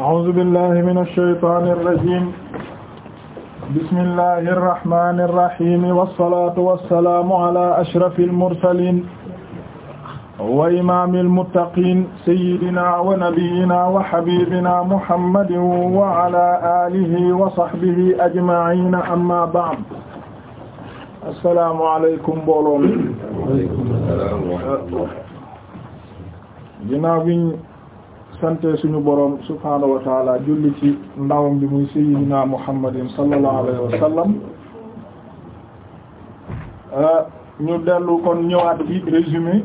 أعوذ بالله من الشيطان الرجيم بسم الله الرحمن الرحيم والصلاة والسلام على أشرف المرسلين وإمام المتقين سيدنا ونبينا وحبيبنا محمد وعلى آله وصحبه أجمعين أما بعد السلام عليكم mbooloo mi. waaleykum salaam wa rahmatullah. sante suñu borom subhaanahu wa taala julli ci ndawam muy sayyidina muhammadin sallallahu alayhi wa sallam ah, ñu dellu kon ñëwaat ci résumé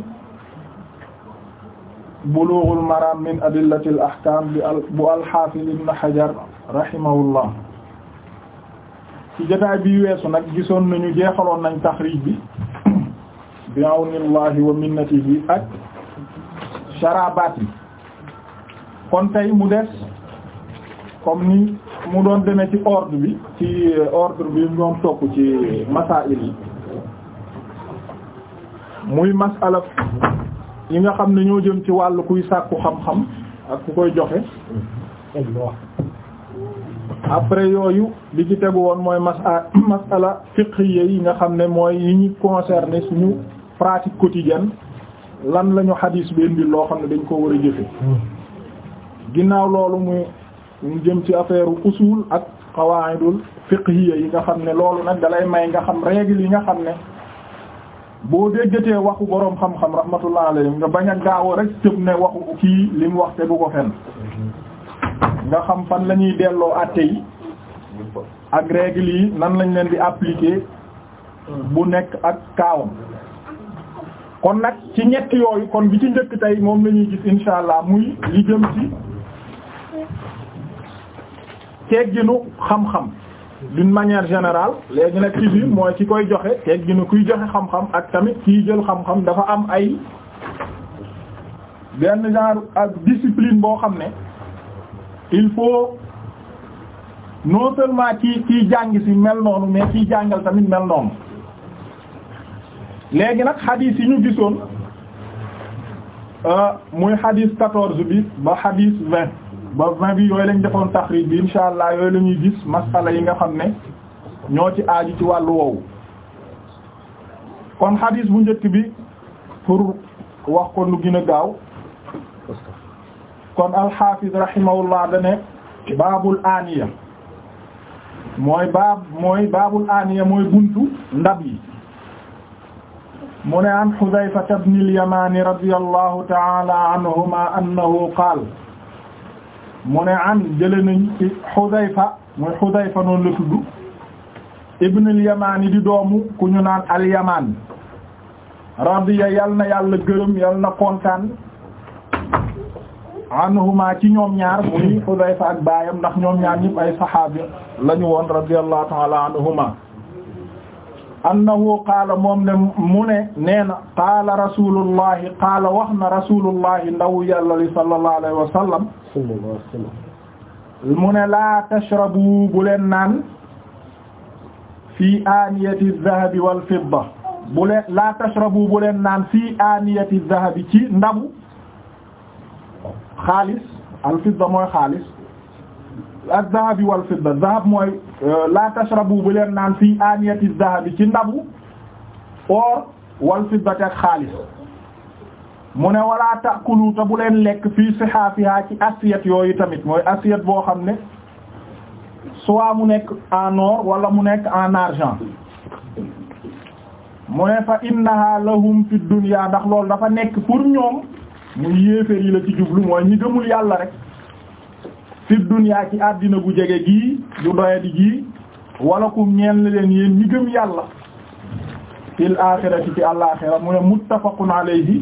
min adillatil ahkam bu al ibn hajar rahimahullah ci bi weesu nag gisoon nañu jeexaloon nañ taxrij bi bi awnillahi wa minnatihi ak sharabaat kon tey mu des comme ni mu doon demee ci ordre bi ci euh, ordre bi mu doon topp ci masaa'il yi muy masala yi nga xam ne ñoo jëm ci wàll kuy sàkku xam-xam ak ku koy joxe après yooyu li ci tegu woon mooy masa masala fiqhiyya yi nga xam ne mooy yi ñu concerné suñu pratique quotidienne lan lañu ñu xadiis bi indi loo xam ne dañ ko war a jëfe ginnaaw loolu muy ñu jëm ci affaire usul ak qawaidul fiqhiyya yi nga xam ne loolu nag dalay may nga xam règle yi nga xam ne boo déggatee waxu boroom xam-xam rahmatullah alayhi nga bañ a gaaw rek tëb ne waxu kii li wax te du ko fen nga xam fan la ñuy delloo àtte yi ak règle yi nan lañ leen di appliquer bu nekk ak kaawam kon nag ci ñett yooyu kon bi ci njëkk tey moom la ñuy gis insha allah muy li jëm ci tegginu xam-xam d'une manière générale léegi nag ci biir mooy ci koy joxe tegginu kuy joxe xam-xam ak tamit kiy jël xam-xam dafa am ay benn genre ak discipline boo xam ne il faut non seulement ci kiy jàng si mel noonu mais kiy jàngal tamit mel noonu léegi nag xadiis yi ñu gisoon euh, muy xadiis quatorze bi ba xadiis vingt ba vingt bi yooyu lañ defoon taxriij bi insha allah yooyu la ñuy gis masala yi nga xam ne ñoo ci aaju ci wàllu woowu kon xadiis bu njëkk bi pour wax ko lu gën a gaaw kon alxaafiz rahimahullah dane baabul aaniya mooy baab mooy baabul aaniya mooy buntu ndab yi mu ne an Xudayfa ibn al-Yamaani ta'ala anhuma annahu qaala mu ne an jële nañ ci Xudayfa muy Xudayfa noonu la tudd ibn al di doomu ku ñu naan al-Yamaan radiya yal na yàlla gërëm yal na kontaan anhuma ci ñoom ñaar muy Xudayfa ak baayam ndax ñoom ñaar ñëpp ay saxaabi lañu woon radiyallahu ta'ala anhuma annahu qaala moom ne mu ne nee na qaala rasulullahi qaala wax na rasulullahi ndaw yàlla li sallallahu alayhi wa sallam mu ne laa tashrabu bu leen naan fii aaniyati dhahabi wal fidda bu leen laa tashrabu bu leen naan fii aaniyati dhahabi ci ndabu xaalis al fidda mooy xaalis ak zahabi wal fidda zahab mooy euh, la tashrabu bu leen naan fi aniyati zahabi ci ndabu or wal fiddati ak xaalis mu ne wala taakulu te bu leen lekk fii sihaafiha ci assiette yooyu tamit mooy assiette boo xam ne soit mu nekk en or wala mu nekk en argent mu ne fa innaha lahum fi dunya ndax loolu dafa nekk pour ñoom mu yéeféer yi la ci jublu mooy ñi gëmul yàlla rek fi dunyaa ci àddina bu jege gii bu doyadi gii walakum ñeen leen yéen ñi gëm yàlla fil aaxirati ci alaaxira mu ne muttafaqun alayhi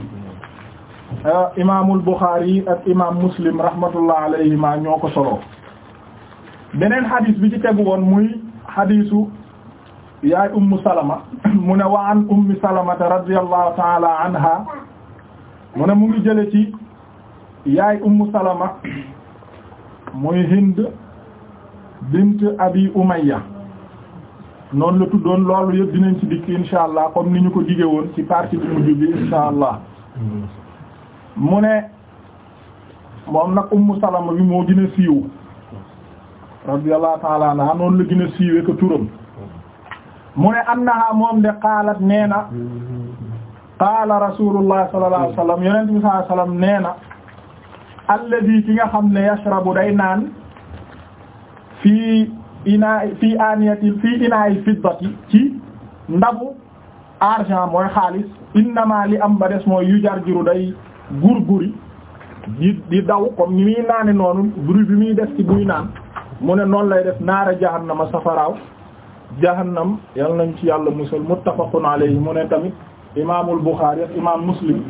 eh, imaamul Buxaari ak imaam Muslim rahmatullah alayhima ñoo ko solo beneen xadiis bi ci tegu woon muy xadiisu yaay ummu salama mu ne wa an ummi salamata radiyallahu taala anha mu ne mu ngi jële ci yaay ummu salama mooy Hind bint Abi Umayya noonu la tuddoon loolu yëpp dinañ ci dikk insha allah comme ni ñu ko dige woon ci parti bi mujj bi insha allah mu ne moom nag Ummu Salama bi moo gën siiw radiyallahu ta'ala noonu la gën a siiwee ko turam mu ne annaha moom de qaalat nee na qaala rasulullah sallallahu alayhi wasallam yonent bi sallallahu nee na alladi ki nga xam ne yashrabu day naan fii inaay fii aniyatil fii inaay fiddati ci ndabu argent mooy xaalis innama li am ba des mooy yu jarjiru day gurguri di di daw kom ni muy naane noonu bruit bi muy def ci buy naan mu ne noonu lay def naara jahannama safaraaw jahannam yal nañ ci yàlla musal muttafaqun alayhi mu ne tamit imaamul Buxaari ak imaam Muslim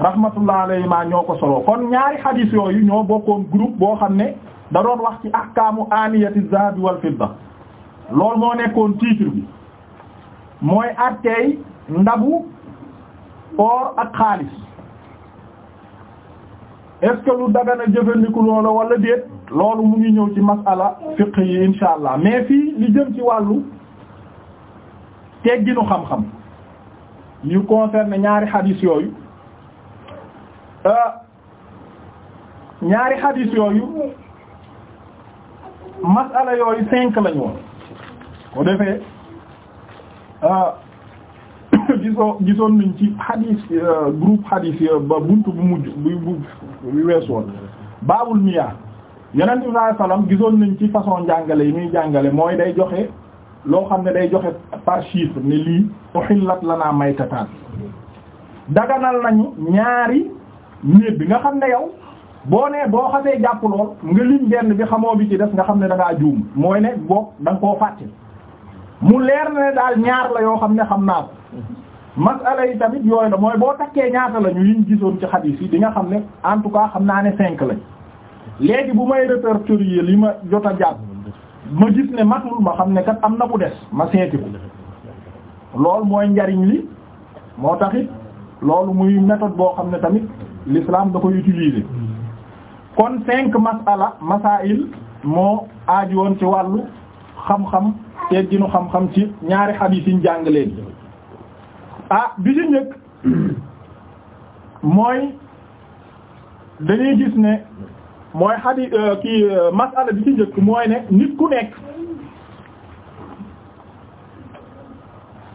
rahmatullah alayhi ma ñoo ko solo kon ñaari xadiis yooyu ñoo bokkoon groupe boo xam ne da doon wax ci ahkaamu aniyati zahabi wal fidda loolu moo nekkoon titre bi mooy attey ndabu or ak xaalis est-ce dagana jëfandiku loola wala déet loolu mu ngi ñëw ci masala fiqh yi insha allah mais fii li jëm ci wàllu tegginu xam-xam yu concerne ñaari xadiis yooyu Euh, ñaari hadith yooyu masala yooyu cinq lañu woon defee euh, gisoo gisoon nañ ci hadith euh, group hadith ba bunt bu mujj bu bu wees woon baabul miyaa yeneen bi sallallahu alayhi wasallam gisoon nañ ci façon njàngale yi muy jàngale mooy day joxe loo xam ne day joxe par chiffre ne lii uhillat lanaa maytataan daganal nañu ñaari néeg bi nga xam ne yow boo nee boo xasee jàpp lool nga lim benn bi xamoo bi ci des nga xam ne da ngaa mooy ne boog da nga koo fàtte mu leer na ne daal ñaar la yoo xam ne xam naa ko masala yi tamit yooyu la mooy boo takkee ñaata la yi yiñ gisoon ci xadiis yi di nga xam ne en tout xam naa ne cinq lañ léegi bu may répertorier li ma jot a jàpp ma gis ne matul ma xam ne kat am na bu des ma seeti ko loolu mooy njariñ li moo taxit loolu muy méthode boo xam ne tamit l'islam da koy utiliser kon cinq masala masail moo aaju woon ci wàllu xam-xam tegginu xam-xam ci ñaari hadith yi ñu jàng leen ah bi ci njëkk mooy dañuy gis ne mooy hadith euh, kii euh, masala bi ci njëkk mooy ne nit ku nekk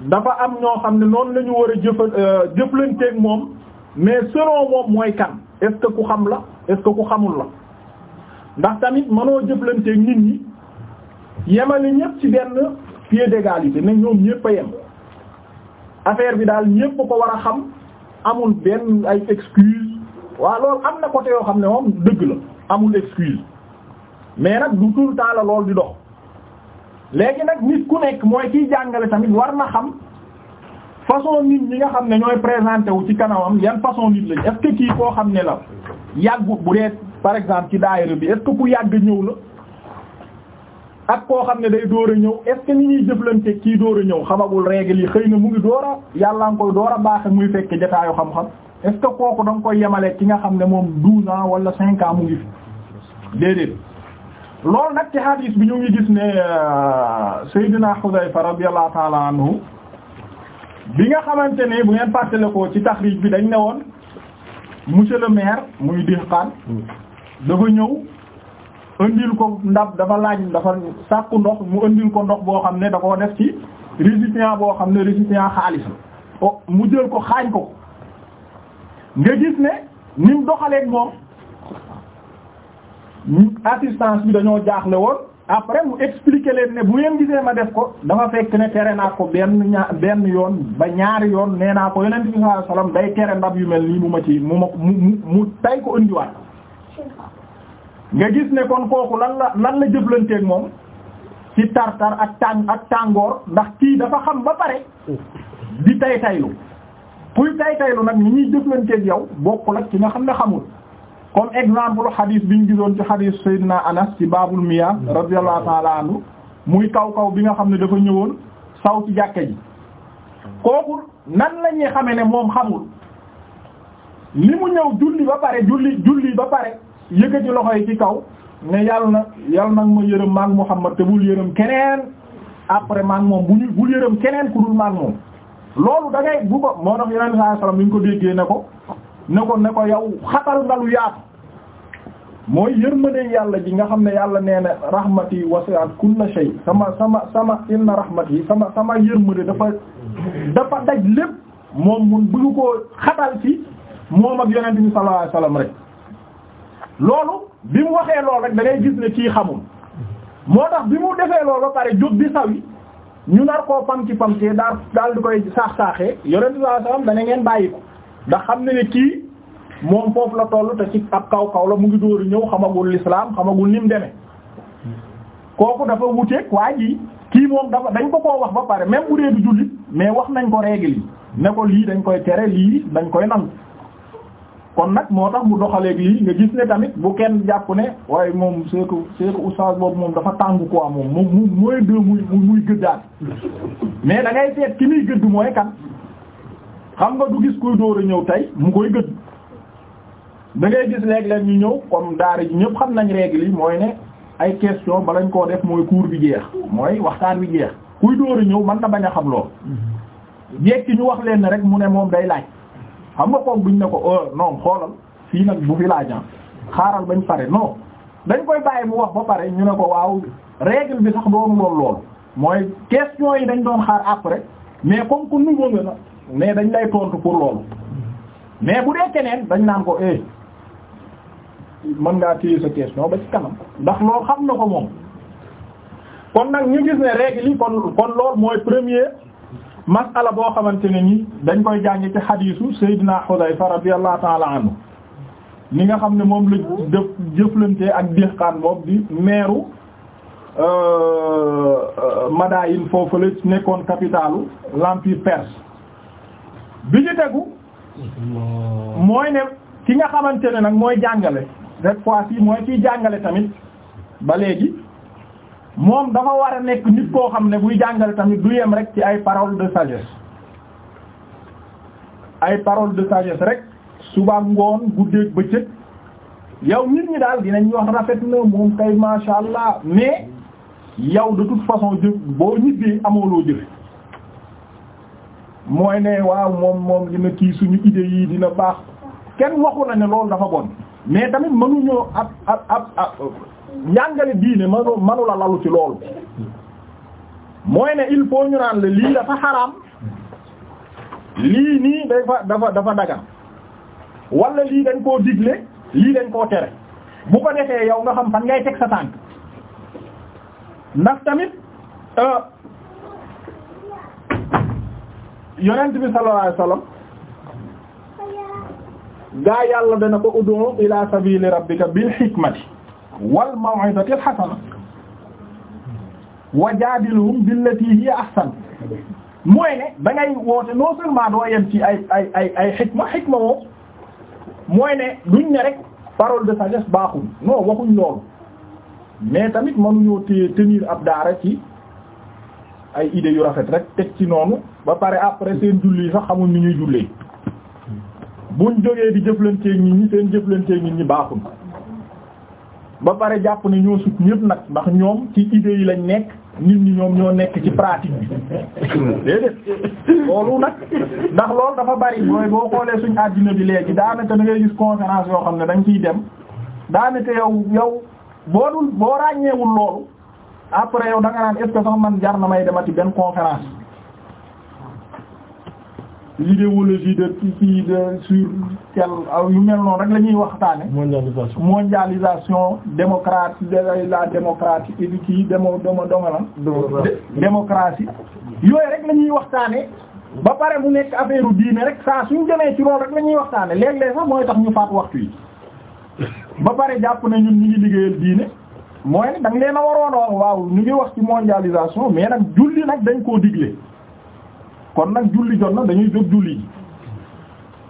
dafa am ñoo xam ne noonu la ñu war a jëfa euh, moom mais selon moom mooy kan est-ce ku xam la est-ce ku xamul la ndax tamit mënoo jëflanteeg nit ñi yemale ñëpp ci benn pied d'égalité ne ñoom ñëpp a yem affaire bi daal ñëpp ko war a xam amul benn ay excuse waaw loolu am na côté yoo xam ne moom dëgg la amul excuse mais nag du tout le temps loolu di dox léegi nag nit ku nekk mooy kiy jàngale tamit war na xam. façon nit ñi nga xam ne ñooy présenté wu ci kanamam yan façon nit lañ est-ce que kii koo xam ne la yàggut bu dee par exemple ci daayira bi est-ce que ku yàgg ñëw la ak koo xam ne day door a ñëw est-ce que ni ñuy jëflante kii door a ñëw xamagul règle yi xëy na mu ngi door a yàlla nga koy door a baaxe muy fekk jataayu xam-xam est-ce que kooku da nga koy yemale ki nga xam ne moom douze ans wala cinq ans mu ngi fi déedéet loolu nag ci hadis bi ñu ngi gis ne euh, Seydina Xudayfa radiyallahu ta'ala anhu bi nga xamante ne bu ngeen ko ci taxrij bi dañ ne woon monsieur le maire muy dixqaan dafa ñëw indil ko ndab dafa laaj dafa sàkku ndox mu indil ko ndox boo xam ne da koo def ci récipient boo xam ne récipient xaalis la o mu jël ko xaañ ko nga gis ne ni mu doxaleeg moom assistance bi dañoo jaaxle woon après mu expliquer leen ne bu ngeen gisee ma def ko dafa fekk ne tere naa ko benn ñaa benn yoon ba ñaari yoon nee naa ko yonent bi sallallahu alayhi wasallam day tere ndab yu mel nii mu ma ci mu ma mu mu tay ko indiwaat nga gis ne kon kooku lan la lan la jëflanteeg moom ci tartar ak tàng ak tàngoor ndax kii dafa xam ba pare di tay taylu kuy tay taylu nag ni ñuy jëflanteeg yow bokkul ak ci nga xam ne xamul comme exemple xadiis bi ñu gisoon ci xadiis Seydina Anas ci baabul miyaa radiyallahu ta'ala anhu muy kaw kaw bi nga xam ne dafa ñëwoon saw ci jàkka ji kooku nan la ñuy xamee ne moom xamul li mu ñëw julli ba pare julli julli ba pare yëg yëkkati loxo yi ci kaw ne yàlla na yàlla nag ma yërëm maag Muhammad te bul yërëm keneen après maag moom bu ñu bul yërëm keneen ku dul maag moom. loolu da ngay bu ko moo tax yeneen saa salaam ni ñu ko déggee ne ko ne ko ne ko yow xatal nga lu yaatu mooy yërmande yàlla ji nga xam ne yàlla nee na rahmati wasi'at kulla shay sama sama sama inna rahmati sama sama yërmande dafa dafa daj lépp moom mun bëgg ko xatal ci moom ak yonent bi sallallahu alayhi wasallam rek loolu bi mu waxee loolu rek da ngay gis ne kii xamul moo tax bi mu defee loolu ba pare jóg di sawi ñu nar koo pam ci pam ci daal daal di koy saax saaxee yonent bi sallallahu ngeen bàyyi ko ndax xam ne ne kii moom foofu la toll te ci ab kaw kaw la mu ngi dóoru ñëw xamagul l'islam xamagul ni mu kooku dafa wuteeg waa ji kii moom dafa dañ ko koo wax ba pare même bu dee du jullit mais wax nañ ko règle yi ne ko lii dañ koy tere lii dañ koy nan kon nag moo tax mu doxaleeg lii nga gis ne tamit bu kenn jàpp ne waaye moom c'est que c'est que moom dafa tàng quoi moom moom mooy deux muy gëddaat mais dangay ngay seet ki muy gëdd mooy kan xam nga du gis kuy dóor a ñëw tey mu koy gëdd da ngay gis léeg ñu ñëw comme daara ji ñëpp xam nañ règle yi mooy ne ay question ba lañ koo def mooy cours bi jeex mooy waxtaan bi jeex kuy dóor ñëw man na bañ a xam lool mm-hmm. jekki ñu wax leen rek mu ne moom day laaj xam nga koog buñ ne ko oh non xoolal fii nag bu fi a ah. xaaral bañ pare non dañ koy bàyyi mu wax ba pare ñu ne ko waaw règle bi sax doonu lool lool mooy question yi dañ doon xaar après rek comme que mais dañ lay tontu pour loolu mais bu dee keneen dañ naa ko eh mën ngaa téye sa question ba ci kanam ndax loolu xam na ko moom kon nag ñu gis ne règle yi kon kon lool mooy premier masala boo xamante ne ni dañ koy jàng ci xadiisu Seydina Xudayfa radiyallahu ta'ala anhu ni nga xam ne moom la jëf jëflante ak Dihqaan boobu di meeru euh, euh, Madayin foofu la nekkoon capitalu l'empire perse bi ñu tegu mooy ne ki nga xamante ne nag mooy jàngale cette fois ci mooy kiy jàngale tamit ba léegi moom dafa war a nekk nit koo xam ne buy jàngale tamit du yem rek ci ay paroles de sagesse ay parole de sagesse rek suba ngoon guddeeg bëccëg yow nit ñi daal dinañ wax rafet na moom kay masha Allah mais yow de toute façon jëf boo ñibbee amooloo jëfe mooy ne waaw moom moom dina kii suñu idée yii dina baax kenn waxu na ne loolu dafa bon mais tamit mënuñoo ab ab ab ab njàngale diine manu manu lalu ci loolu mooy ne il faut ñu naan la lii dafa xaraam lii nii dafa dafa dafa dagan wala lii dañ koo digle lii dañ koo tere bu ko defee yow nga xam fan ngay teg sa tànk ndax tamit. Euh, yonent bi sallallahu alayhi wasallam gaa yàlla dana ko ud'u ila sabili rabbika bil hikmati wal maw'izati al hasana wajadilhum billati hiya ahsan mooy ne da woote non seulement yem ci ay ay ay ay xikma xikma woo mooy ne duñ ne rek parole de sagesse baaxul non waxuñ loolu mais tamit mënuñoo téye tenir ab daara ci ay idées yu rafet rek teg ci noonu ba pare après seen julli yi sax xamul ni ñuy jullee buñ jógee di jëflanteeg nit ñi seen jëflanteeg nit ñi baaxul ba pare jàpp ni ñoo sut ñëpp nag ndax ñoom ci idées yi lañ nekk nit ñi ñoom ñoo nekk ci pratique bi déedéet loolu nag ndax loolu dafa bari mooy boo xoolee suñ àddina bi léegi daanaka da ngay gis conférence yoo xam ne dañ ciy dem daanaka yow yow boo dul boo ràññeewul loolu après yow da naan est man jar na may demati benn conférence l'idéologie de kii de sur tel yu mel noonu rek la ñuy waxtaane mondialisation mondialisation démocratie de yooyu rek lañuy ñuy waxtaane ba pare mu nekk affaire diine rek saa suñ demee ci loolu rek la ñuy waxtaane léeg-léeg sax mooy tax ñu faat waxtu yi ba pare jàpp ne ñu ngi liggéeyal diine mooy nag leen a waroon a wax waaw ñu ngi wax ci mondialisation mais nag julli nag dañ koo digle kon nag julli jot na dañuy jóg julli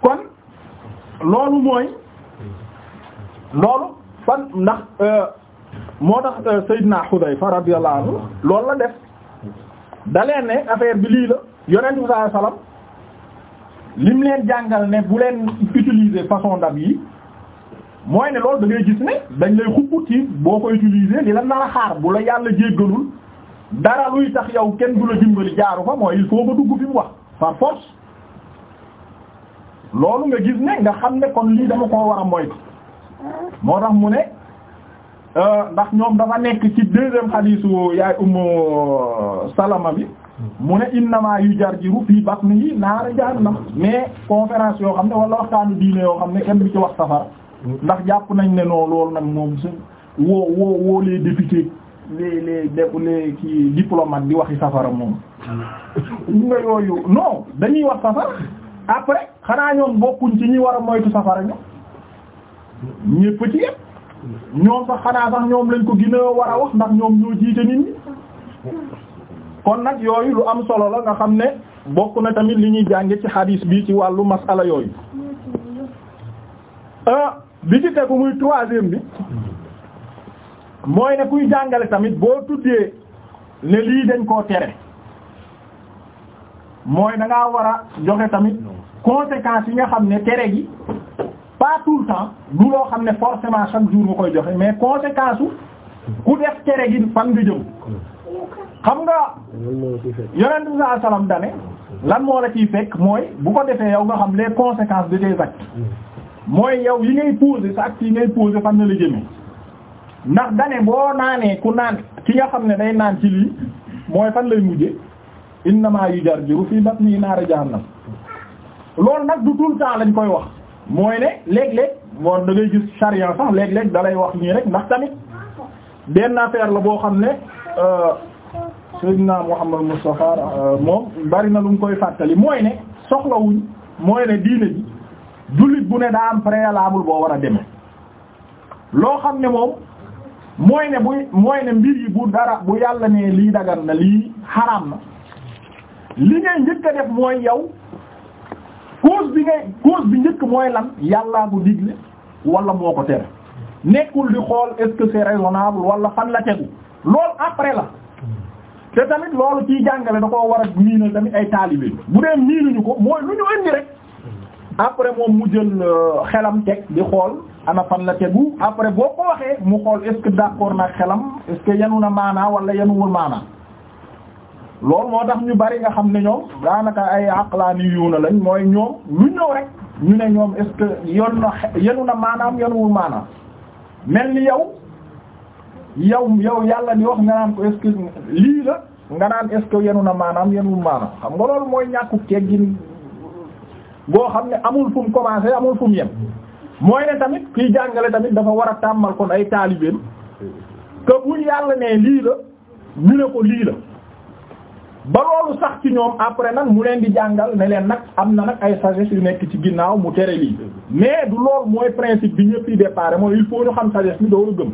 kon loolu mooy loolu fan ndax euh, moo tax euh, Seydina Xudayfa radiyallahu anhu loolu la def da ne affaire bi lii la yonent bi sallallahu lim leen jàngal ne bu leen utiliser façon dab yi mooy ne loolu dangay ngay gis ne dañ lay xupp ci boo ko utiliser li la nar xaar bu la yàlla jéggalul dara luy tax yow kenn du la dimbali jaaru fa mooy il faut nga dugg fi mu wax par force loolu nga gis ne nga xam ne kon lii dama koo war mooy moytu moo tax mu ne euh, ndax ñoom dafa nekk ci deuxième xadiisu yaay Ummu Salama bi mu ne innama yu jar jiru fii batnihi naara na mais conférence yoo xam ne wala waxtaanu diine yoo xam ne kenn bi ci wax safara ndax jàpp nañ ne non loolu nag moom su woo woo woo les députés les les les kii diplomates di waxi safara moom. nga dañuy wax safara après xanaa ñoom bokkuñ ci ñi war a moytu safara ñoom ñépp ci yépp ñoom sax xanaa sax ñoom lañ ko gën a war a wax ndax ñoom ñoo jiite nit ñi kon nag yooyu lu am solo la nga xam ne bokk na tamit li ñuy jànge ci hadis bi ci wàllu masala yooyu ah, bi ci tegu muy troisième bi mooy ne kuy jàngale tamit boo tuddee ne lii dañ koo tere mooy da ngaa war a joxe tamit conséquences yi nga xam ne tere gi pas tout le temps du loo xam ne forcément chaque jour mu koy joxe mais conséquences su ku def tere gi fan nga jëm xam nga yonent bi sallam dane lan moo la ciy fekk mooy bu ko defee yow nga xam les conséquences de tes actes mooy yow yi ngay poser sa acte yi ngay poser fan na la jëmee ndax dane boo naanee ku naan ki nga xam ne day naan ci lii mooy fan lay mujje innama yujarjiru fii batni naara jahannam loolu nag du tout le temps lañ koy wax mooy ne léeg-léeg moom da ngay gis charian sax léeg-léeg dalay wax nii rek ndax tamit benn affaire la boo xam ne euh, sayyidina Muhammad Mustafa euh, moom bari na lu mu koy fàttali mooy ne soxlawuñ mooy ne diine ji jullit bu ne daa am préalable boo war a demee loo xam ne moom mooy ne bu mooy ne mbir yi bu dara bu yàlla ne lii dagan na lii xaraam na li ngay njëkk def mooy yow cause bi ngay cause bi njëkk mooy lan yàllaa ko digle wala moo ko tere nekkul di xool est-ce que c'est wala fan la tegu loolu après la te tamit loolu ciy jàngale da koo war a miinal tamit ay taalibe bu dee miinuñu ko mooy lu ñu indi rek après moom mu jël euh, xelam teg di xool ana fan la tegu après boo ko waxee mu xool est-ce que d'accord na xelam est-ce que yanu na maanaa wala yanuwul maanaa loolu moo tax ñu bari nga xam ne ñoom daanaka ay aqlaani yuuna lañ mooy ñoom lu ñëw rek ñu ne ñoom est-ce que yenu na maanaam yanuwul maanaam mel ni yow yow yow yàlla di wax nga naan ko est lii la nga naan est-ce yenu na maanaam wu maanaam xam nga loolu mooy ñàkku teggin boo xam ne amul fu mu commencé amul fu mu yem mooy ne tamit kiy jàngale tamit dafa war a tàmmal kon ay taalibeem que bu yàlla ne lii la ñu ne ko lii la ba loolu sax ci ñoom après nag mu leen di jàngal ne leen nag am na nag ay sagesse yu nekk ci ginnaaw mu tere lii mais du loolu mooy principe bi ñëpp yi départ mooy il faut ñu xam sagesse bi dooru gëm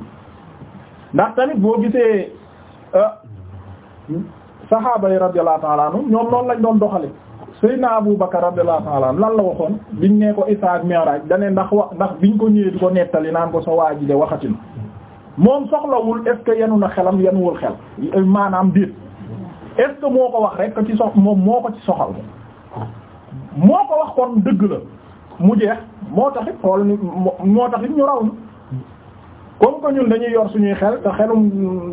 ndax tamit boo gisee euh, saxaaba yi radiyallahu ta'ala anhum ñoom noonu lañ doon doxale Seydina Abu Bakar radiyallahu ta'ala lan la waxoon ñu nee ko Isra ak Mi'raj dane ndax wa ndax biñ ko ñëwee di ko nettali naan ko sa waa ji de waxatin moom soxlawul est yenu na xelam yenuwul xel maanaam déet est moo ko wax rek que ci sox moom moo ko ci soxal moo ko wax kon dëgg la mu jeex moo taxit xool moo taxit ñu raw ni comme que ñun dañuy yor suñuy xel te xelum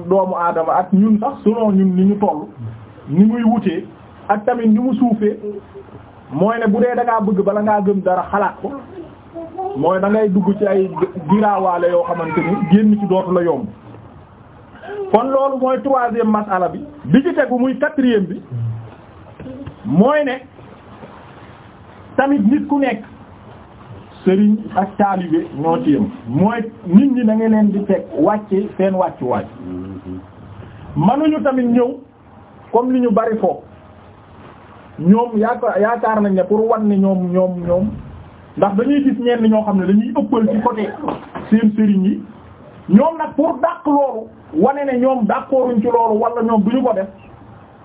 doomu aadama ak ñun sax selon ñun ni ñu toll ni muy wutee ak tamit ñu mu suufee mooy ne bu dee da ngaa bëgg bala ngaa gëm dara xalaat ko mooy dangay dugg ci ay giraawaale yoo xamante ni génn ci dootu la yomb kon loolu mooy troisième ala bi bi ci tegu muy quatrième bi mooy ne tamit nit ku nekk sëriñ ak taalibe ñoo ci mooy nit ñi da nga leen di teg wàcce seen wàccu wàcc mm-hmm. manuñu tamit ñëw kom li ñu bari foofu ñoom yaakaar yaakaar nañ ne pour wan ne ñoom ñoom ñoom ndax dañuy gis ñenn ñoo xam ne dañuy ëppal ci côté seen sëriñ yi ñoom nag pour dàq loolu wane ne ñoom d'accorduñ ci loolu wala ñoom duñu ko def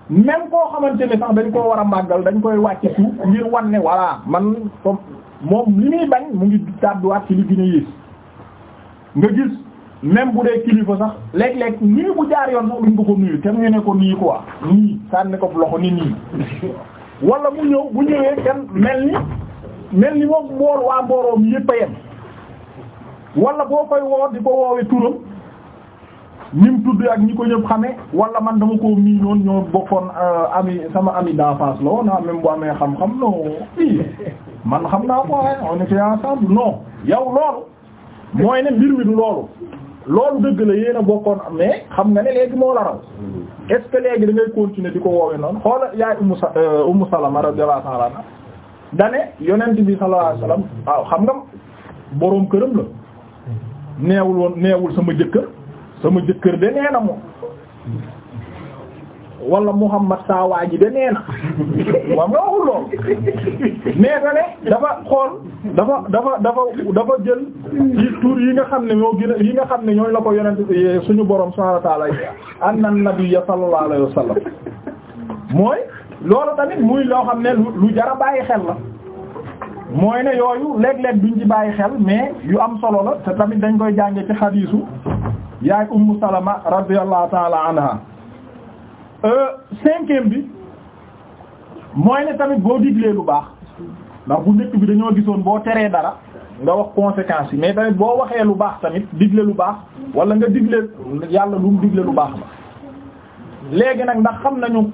même koo xamante ne sax dañ ko war a màggal dañ koy wàcc suuf ngir wan ne voilà man comme moom li muy bañ mu ngi tàdduwaat ci li gën a yées nga gis même bu dee kilifa sax léeg-léeg nii bu jaar yoon sax duñ ko ko nuyu te ko nii nii sànni ko loxo ni nii wala mu ñëw bu ñëwee kenn mel ni mel ni moom mbool waa mbooroom yëpp a yem boo koy woo di ko woowee turam ni mu tudd ak ñi ko ñëpp xamee wala man dama koo mii noonu ñoo bokkoon euh, ami sama ami d'enfance la woon ah bu amee xam-xam non i man xam naa ko waaye ah, on était ensemble non yow loolu mooy ne mbir mi du loolu loolu dëgg la yéen a bokkoon mais xam nga ne léegi moo la raw est-ce que da ngay continuer di ko woowe noonu xoola yaay ummu sa euh, ummu salama radiyallahu ta'ala anha dane yonent bi sallallahu alayhi waaw xam nga boroom këram la neewul woon neewul sama jëkkër sama jëkkër de nee na moom wala Muhammad saa waa ji de nee na moom nga waxul lool na dafa xool dafa dafa dafa dafa jël tur yi nga xam ne ñoo gën yi nga xam ne ñooy la ko yonent suñu borom subhaanahu wa ta'aala anna nabiyya sallallahu alayhi mooy loolu tamit muy loo xam ne lu jara bàyyi xel la mooy ne yooyu léeg-léeg duñ ci bàyyi xel mais yu am solo la te tamit dañ koy jànge ci xadiisu yaay Ummu Salama radiyallahu ta'ala anha Euh, cinquième bi mooy ne tamit boo diglee lu baax ndax bu njëkk bi dañoo gisoon boo teree dara nga wax conséquences yi mais tamit boo waxee lu baax tamit digle lu baax wala nga digle yàlla lu mu digle lu baax la léegi nag ndax xam nañu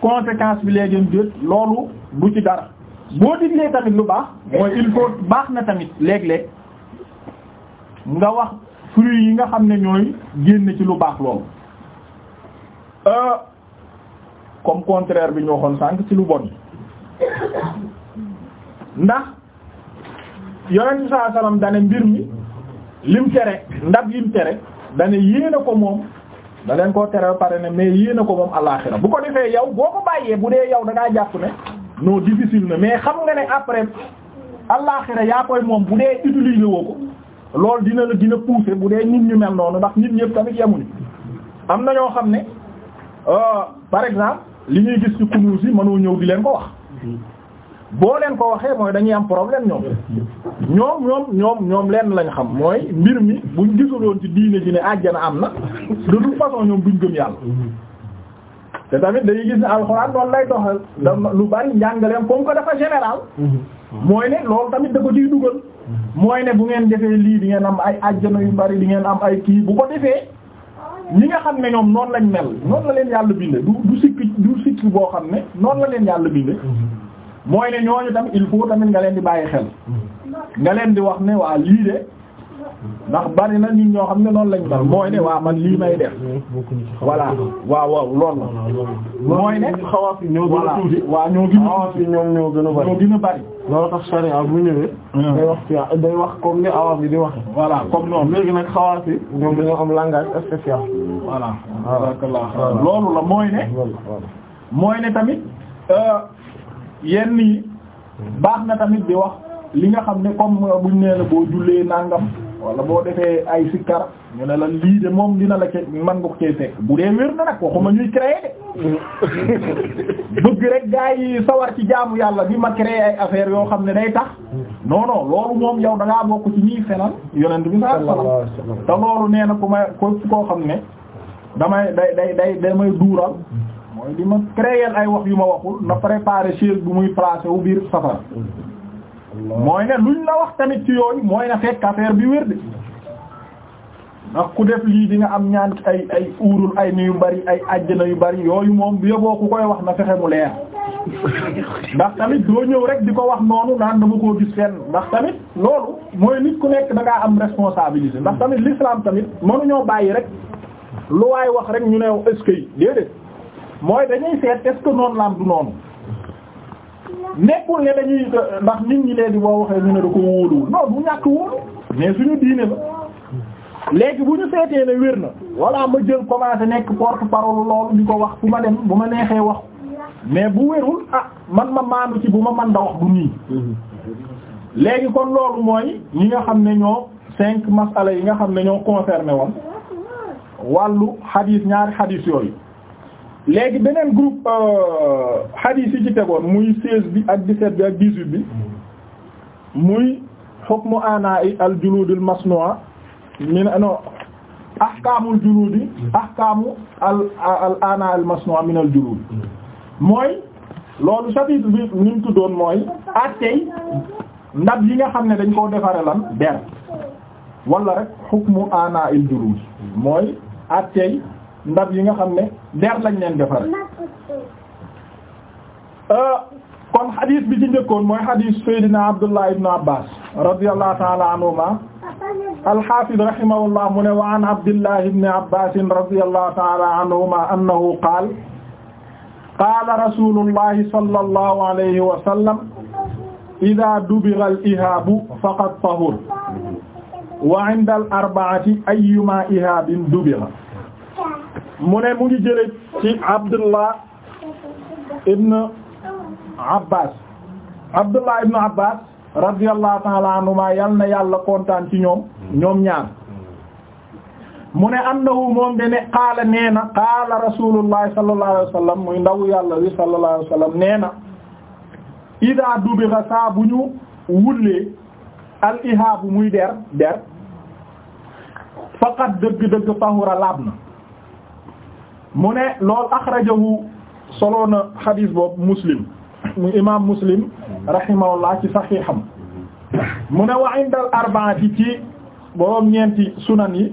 conséquence bi léegi jël loolu du ci dara boo diglee tamit lu baax mooy il faut baax na tamit léeg-léeg nga wax fruits yi nga xam ne ñooy génn ci lu baax loolu. Euh, comme contraire bi ñu waxoon sànq ci lu bon ndax yonent saa salaam dane mbir mi lim tere ndab yim tere dane yéena ko moom da leen koo tere pare ne mais yéena ko moom alaaxira bu ko defee yow boo ko bàyyee bu dee yow da ngaa jàpp ne non difficile na mais xam nga ne après alaaxira yaa koy moom bu dee utiliser woo ko loolu dina la dina pousser bu dee nit ñu mel noonu ndax nit ñëpp tamit yemuñu am na ñoo xam ne euh, par exemple li ñuy gis ci kunuus yi mënoo ñëw di leen ko wax boo leen ko waxee mooy dañuy am problème ñoom ñoom ñoom ñoom ñoom lenn lañ xam mooy mbir mi buñ gisuloon ci diine ji ne àjjana am na de toute façon ñoom duñ gëm yàlla te tamit dañuy gis ne alxuraan doon lay doxal da lu bari njàngaleem comme que dafa général mooy ne loolu tamit da ko ciy dugal mooy ne bu ngeen defee lii di ngeen am ay na yu bari di ngeen am ay kii bu ko defee ñi nga xam ne ñoom noonu lañ mel leen yàlla sikki du sikki boo xam ne noonu la leen yàlla bindee mm-hmm. mooy ne ñooñu tam il faut tamit nga leen di bàyyi xel mm-hmm. nga leen di wax ne waa lii de ndax bari na nit ñoo xam ne noonu lañ dal mooy ne waa man lii may def voilà waaw waaw loolu la mooy ne xawaas yi ñoo gën a tuuti waa ñoo gën a xawaas yi ñoom a bari bu ñëwee ah. day wax ci day wax di waxe voilà comme noonu léegi nag xawaas yi ñoom dañoo am langage loolu la mooy ne mooy ne tamit euh, yenn baax na tamit di wax li nga xam ne comme buñ nee la boo jullee nangam wala boo defee ay sikkar ñu ne la lii de moom dina la man nga ko cee bu dee wér na nag waxuma ñuy créer de bëgg rek gaa yi sawar ci jaamu yàlla bi ma créer ay affaire yoo xam ne day tax non non loolu moom yow da ngaa bokk ci ñiy fenal yonent bi sallallahu alayhi wasallam te loolu nee nag ku may ku koo xam ne damay day day day damay duural mooy di ma créer ay wax yu ma waxul na préparer chaise bu muy placer wu biir safara mooy ne luñ la wax tamit ci yooyu mooy na fekk affaire bi wér de ndax ku def lii di nga am ñaan ay ay uurul ay ni yu bari ay ajjana yu bari yooyu moom bu yoboo ku koy wax na fexe mu leer ndax tamit doo ñëw rek di ko wax noonu naan dama koo gis fenn ndax tamit loolu mooy nit ku nekk da am responsabilité ndax tamit l'islam tamit mënuñoo bàyyi rek lu waay wax rek ñu ne est-ce que déedéet mooy dañuy seet est noonu la du noonu nekkul ne dañuy ndax nit ñi léegi boo waxee ñu ne da ko wóoluwul non bu ñàkk wóolu mais suñu diine la léegi bu ñu seetee ne wér na walla ma jël commencé nekk porte parole loolu di ko wax bu ma dem bu ma neexee wax mais bu wérul ah man ma maandu ci bu ma man da wax bu nii léegi kon loolu mooy ñi nga xam ne ñoo cinq masala yi nga xam ne ñoo concerné woon wàllu xadiis ñaari xadiis yooyu léegi beneen groupe euh, hadith yi ci tegoon muy seize bi ak dix-sept bi ak dix-huit bi muy hukmu anaa'i al juluudil masnu'a min no ahkaamul juluudi ahkaamu al al anaa al masnu'a min al juluud mooy loolu chapitre bi ni mu tuddoon mooy attey ndab yi nga xam ne dañ koo defare lan der wala rek hukmu anaa il juluud mooy attey ndab yi nga xam ne der lañ leen defare ah. euh, kon xadiis bi ci njëkkoon mooy xadiis Seydina Abdullah ibn Abbas radiyallahu ta'ala anhuma al-Hafiz rahimahullah mu ne wa an Abdullah ibn Abbas radiyallahu ta'ala anhuma annahu qaala qaala rasulullah sallallahu alayhi wa sallam idaa dubira al-ihaabu faqad tahur wa inda al-arba'ati ayyuma ihaabin dubira mu ne mu ngi jële ci Abdullah ibn Abbas Abdullah ibn Abbas radiyallahu ta'ala anhuma yal na yàlla kontaan ci ñoom ñoom ñaar mu ne annahu moom de ne qaala nee na qaala rasulullah sallallahu alayhi wasallam muy ndaw yàlla wi sallallahu alayhi wasallam nee na ida dubira saa ñu wullee al ihaabu muy der der faqat dëgg-dëgg tahura laab na mu ne lool axrajahu solo na xadis boobu muslim mu imaam muslim rahimahullah ci saxiixam mu ne wa indal arbaati ci boroom ñeenti sunan yi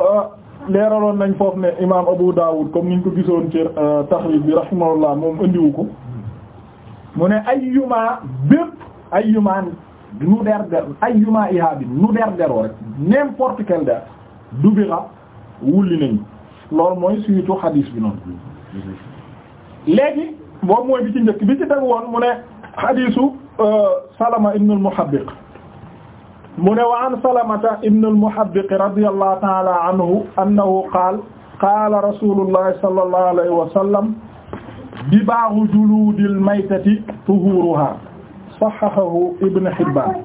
euh, leeraloon nañ foofu ne imaam Abu Dawud comme niñ ko gisoon ci euh, taxriij bi rahimahullah moom indiwu ko mu ne ayyuma bépp ayyuma nu der der ayyuma ihaabin nu der deroo rek n'importe quel der dubira wulli nañ loolu mooy surtout xadiis bi noonu léegi boobu mooy bi ci njëkk bi ci tegu woon mu ne xadiisu euh, salama ibn al mu ne wa an salamata ibn al-muhabbiq radiyallahu ta'ala anhu annahu qaal qaala rasulullah sallallahu alayhi wa sallam dibaahu juluudil maytati tuhuruha sahahahu ibn hibban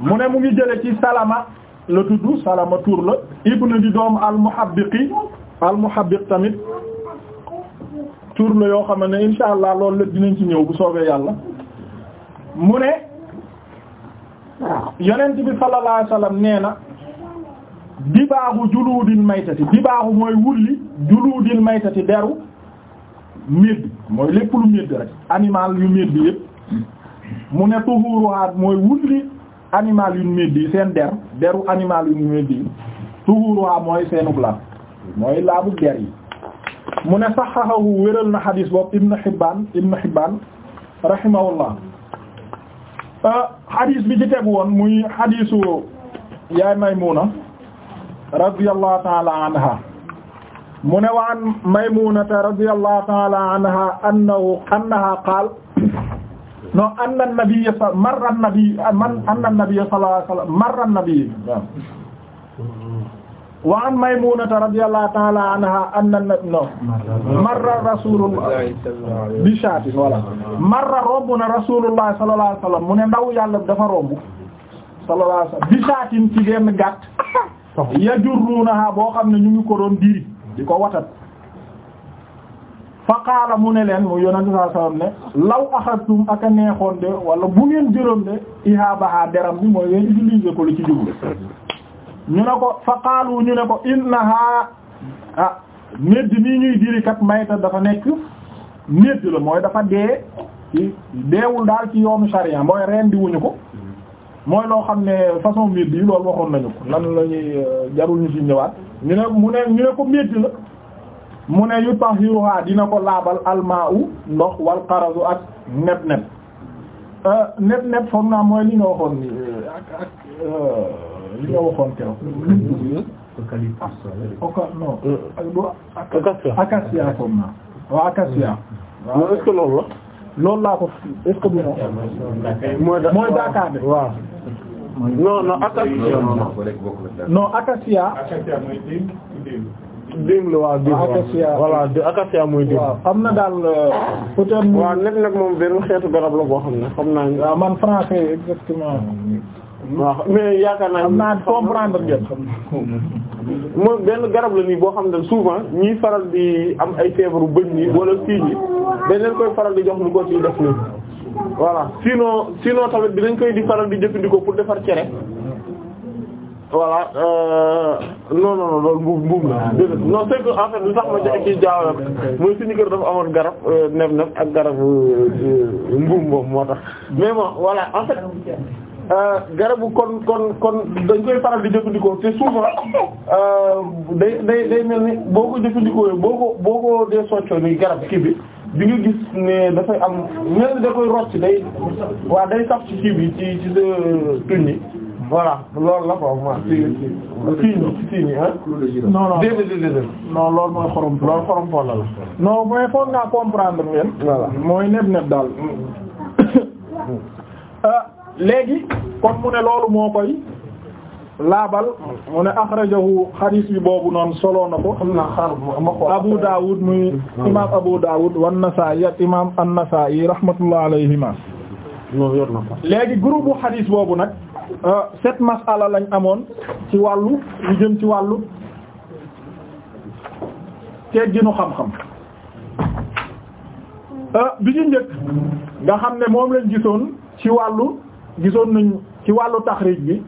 mu ne mu ngi jële ci salama la tudd Salama tur la ibnu di doom al-Muhabbiqi al tamit tur la yoo xam ne insha allah loolu lépp dinañ ci ñëw bu soobee yàlla mu ne yonent bi sallallahu alayhi wasallam nee na dibaaxu juluudil maytati dibaaxu mooy wulli juluudil maytati deru médd mooy lépp lu médd rek animal yu médd yépp mu ne tuhuruhaat mooy wulli animal yu meddi seen der deru animal yu meddi tuhuruha mooy seenug laab mooy laabu der yi mu ne saxaxahu wéral na xadis boobu ibn Hibbaan ibn Hibbaan rahimahullah ah, xadis bi ci teg woon muy xadisu yaay Maymuna radiyallahu ta'ala anha mu ne waan Maymunata radiyallahu ta'ala anha annahu annaha qaal non anna nabiyya marra nabiyyu man anna nabiyya sallallahu alayhi wasallam marra nabiyyu wa an maymunata ta'ala anna no marra rasulullah bi wala marra romb na rasulullah sallallahu alayhi mu ne ndaw yàlla dafa romb sallallahu alayhi wasallam bi shaatin ci genn gàtt yajurrunaha boo xam ne ñu ngi ko doon diri di ko watat fa mu ne leen mu yonente saa sallam ne law axadtum ak a neexoon de wala bu ngeen jëloon de ihaabahaa deram bi mooy ngeen utiliser ko li ci jublu ñu ne ko fa ñu ne ko innahaa ah médd nii ñuy diri kat mayta dafa nekk médd la mooy dafa dee deewul daal ci yoomu sharia mooy rendi wuñu ko mooy loo xam ne façon médd yi loolu waxoon nañu ko lan la ñuy jarul ñu ci ñëwaat ñu ne mu ne ñu ne ko médd la mu ne yu tahiruha dina ko laabal almaa'u ndox wal qarazu ak neb neb euh, neb neb naa mooy li nga waxoon ni euh, ak ak euh, li waxoon keroog. naa waaw acacia waaw est-ce la loolu laa ko est-ce que mooy daakaande waaw non non acacia démb la waaw démb acacia voilà acacia mooy démb am na daal euh, peut-être waaw net nag moom benn xeetu garab la boo xam ne xam naa waaw man français exactement waaw mais yaakaar naa am naa comprendre ngeen moom benn garab la nii boo xam ne souvent ñiy faral di am ay feebaru bëñ nii wala fii nii dañ leen koy faral di jox lu ko ci def nii voilà sinon sinon tamit dinañ koy di faral di jëfandikoo pour defar cere voilà euh, non non non loolu mbuum mbuum la déedéet non c'est que en fait lu tax ma ja ci jaawla mooy suñu kër dafa amoon garab euh, nef nef ak garabu euh, mbuum boobu moo tax mais bon voilà garabu kon kon kon dañ koy faral di jëfandikoo te souvent day day day mel ni boo ko jëfandikoo boo ko boo ko dee soccoo ni garab kii bi bi nga gis ne dafay am mel ni da koy rocc day waa day saf ci kii ci ci sa tuñ yi voilà loolu la ko ma fii fii fii nii mooy xorom loolu comprendre leen. mooy neb neb daal. Ah, léegi kon mu ne loolu moo koy laabal mu ne akhrajahu xadiis bi boobu noonu solo na ko am na xar Abu Dawud muy imaam Abu Dawud wan Nasaa'i ak imaam an-Nasaa'i rahmatullah alayhima léegi groupe xadiis boobu nag. cette euh, masala lañ amoon ci wàllu lu jëm ci wàllu tegginu xam-xam euh, bi ñu njëkk nga xam ne moom lañ gisoon ci wàllu gisoon nañu ci wàllu taxriij bi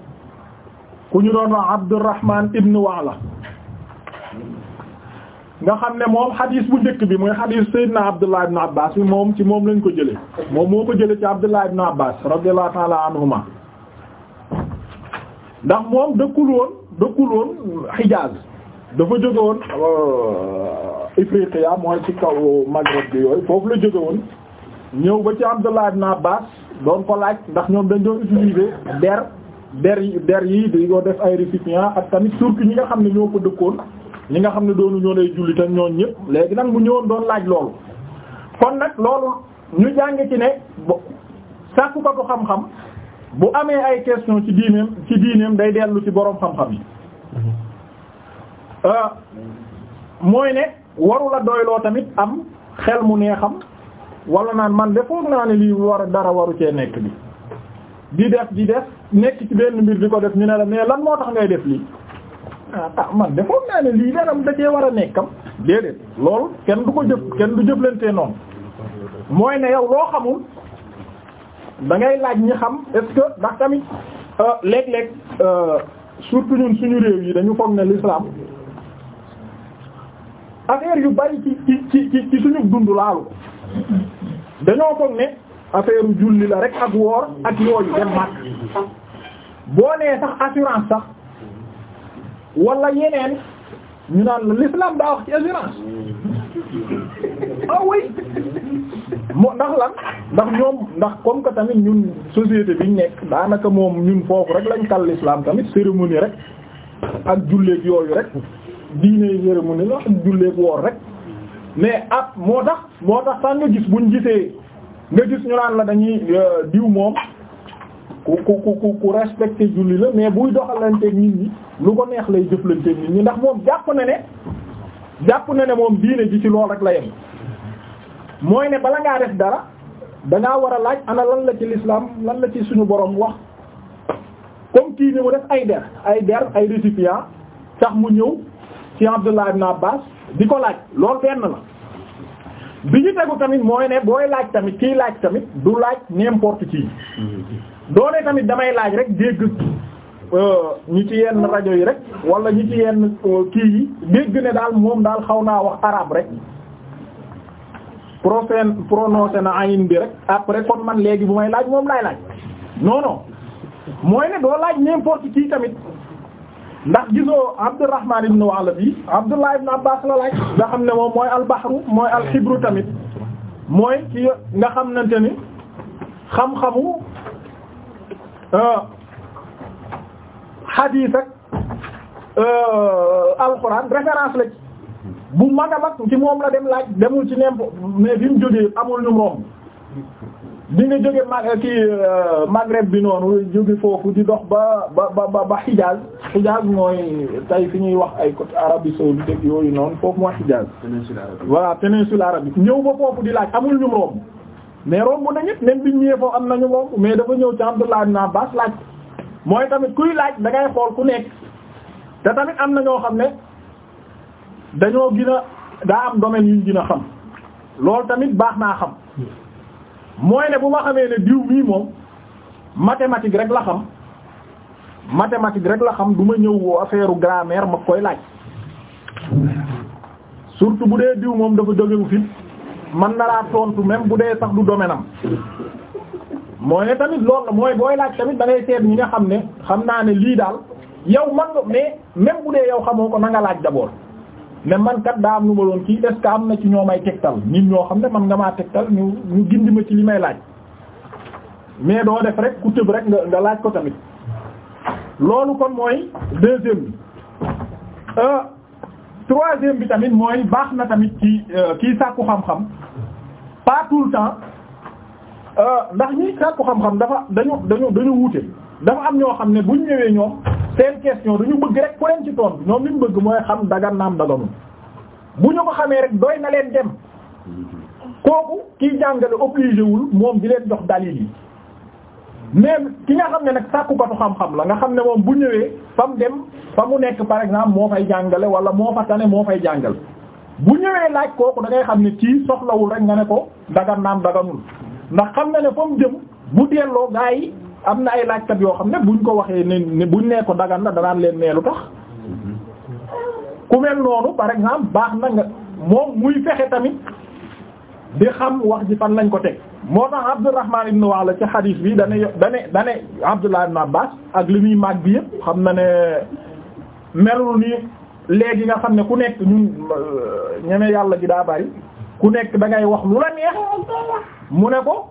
ku ñu doon wax Abdurrahman ibn Wa'la nga xam ne moom xadiis bu njëkk bi mooy xadiis na Abdullah ibn Abbas bi moom ci moom lañ ko jële moom moo ko jële ci Abdullah ibn Abbas radiyallahu ta'ala anhuma ndax moom dëkkul woon dëkkul woon Hijaz dafa jóge woon euh, Ifriqiya mooy ci kaw Maghreb bi yooyu foofu la jóge woon ñëw ba ci Abdullah naa Abbas doon ko laaj ndax ñoom dañ doon utiliser der der der yi di ko def ay récipient ak tamit surtout ñi nga xam ne ñoo ko dëkkoon ñi nga xam ne doonu ñoo lay jullit ak ñooñ ñëpp léegi nag mu ñëwoon doon laaj loolu kon nag loolu ñu jàng ci ne bo sàkkukatu xam-xam bu amee ay question ci diineem ci diineem day dellu ci boroom xam-xam yi euh, mooy ne waru la doyloo tamit am xel mu xam wala naan man de foog naa ne lii war dara waru cee nekk bi di def di def nekk ci benn mbir di ko def ñu ne la mais lan moo tax ngay def lii ah, ah man de foog naa ne lii dara da cee war a nekkam déedéet loolu kenn du ko jëf kenn du jëflantee noonu mooy ne yow loo xamul da ngay laaj ñi xam est-ce que tamit euh, léeg-léeg euh, surtout suñu réew yi dañu foog ne l'islam affaire yu bari ci ci ci ci suñu dund laalu dañoo foog ne affaire julli la rek ak woor ak yooyu dem màkk boo nee sax assurance sax wala yeneen ñu naan l'islam daa wax ci assurance ah oui moo ndax lan ndax ñoom ndax comme que tamit ñun société biñ nekk daanaka moom ñun foofu rek lañ kal l'islam tamit cérémonie rek ak julleek yooyu rek diine cérémonie la ak julleek woor rek mais ab moo tax moo tax sax nga gis buñ gisee nga gis ñu naan la dañuy euh, diw moom ku ku ku ku respecté julli la mais buy doxalanteeg nit ñi lu ko neex lay jëflanteeg nit ñi ndax moom jàpp na ne jàpp na ne moom diine ji ci lool rek la yem mooy ne bala ngaa def dara dangaa war a laaj ana lan la ci l'islam lan la ci suñu borom wax comme kii ni mu def ay der ay der ay récipient sax mu ñëw ci Abdullah ibn Abbas di ko laaj lool benn la bi ñu tegu tamit mooy ne booy laaj tamit kiy laaj tamit du laaj n'importe qui doone tamit damay laaj rek dégg euh, ñi ci yenn rajo yi rek wala ñi ci yenn euh, kii yi dégg ne daal moom daal xaw naa wax arabe rek profène prononcé na ayin bi rek après kon man léegi bu may laaj moom laay laaj non mooy ne doo laaj n'importe qui tamit ndax gisoo Abdurrahman ibn Walabi Abdullah ibn Abbas la laaj nga xam ne moom mooy albahru mooy alxibru tamit mooy ki nga xamante ni xam-xamu euh, hadith ak euh, alxuraan référence la bu mag a mag ci moom la dem laaj demul ci nemp mais bi mu jógee amul ñu moom di nga jóge mag euh, ki euh, Maghreb bi noonu jóge foofu di dox ba ba ba ba Hijaz Hijaz mooy tey fi ñuy wax ay côté Arabie saoudite yooyu noonu foofu mooy Hijaz voilà péninsule arabique ñëw ba foofu di laaj amul ñu romb mais romb na ñëpp bi biñ ñëwee foofu am nañu romb mais dafa ñëw ci Abdullah naa Abbas laaj mooy tamit kuy laaj da xool ku nekk te tamit am na ñoo xam ne dañoo gën a daa am domaine yuñ gën xam loolu tamit baax naa xam mooy ne bu ma xamee ne diw mii moom mathématique rek la xam mathématique rek la xam du ma ñëw affaire grammaire ma koy laaj surtout bu dee diw moom dafa jógewu fit man na laa tontu même bu dee sax du domaine am mooy ne tamit lool la mooy booy laaj tamit dangay ngay seet ñi nga xam ne xam naa ne lii daal yow man nga mais même bu dee yow xamoo ko nanga nga laaj d'abord mais man kat daa am lu ma doon kii est-ce am na ci ñoo may tegtal nit ñoo xam ne man nga maa tegtal ñu ñu gindi ma ci li may laaj mais doo def rek ku tëb rek nga nga laaj ko tamit loolu kon mooy deuxième bi euh, troisième bi tamit mooy baax na tamit ci euh, kii sàkku xam-xam pas tout le temps euh, ndax ñi sàkku xam-xam dafa dañu dañu dañu wuute dafa am ñoo xam ne buñ ñëwee ñoom seen question dañu bëgg rek ku leen ci tontu ñoom li ñu bëgg mooy xam dagan naam daganu bu ñu ko xamee rek doy na leen dem kooku kiy jàngale obligé wul moom di leen jox dalil yi mais ki nga xam ne nag sàkkukatu xam-xam la nga xam ne moom bu ñëwee fa mu dem fa mu nekk par exemple moo fay jàngale wala moo fa tane moo fay jàngal bu ñëwee laaj kooku da xam ne kii soxlawul rek nga ne ko dagan naam daganul ndax xam na ne fa mu jëm bu delloo gaa yi am na ay laajkat yoo xam ne bu buñ ko waxee ne buñ nee ko dagan na danaan leen nee lu tax ku mel noonu par exemple baax na nga moom muy fexe tamit di xam wax ji fan lañ ko teg moo tax Abdurrahman ibn Wa'la ci xadiis bi dane dane dane Abdullah ibn Abbas ak li muy màgg bi yëpp xam na ne melul ni léegi nga xam ne ku nekk ñun ñeme yàlla gi daa bari ku nekk da ngay wax lu la neex mu ne ko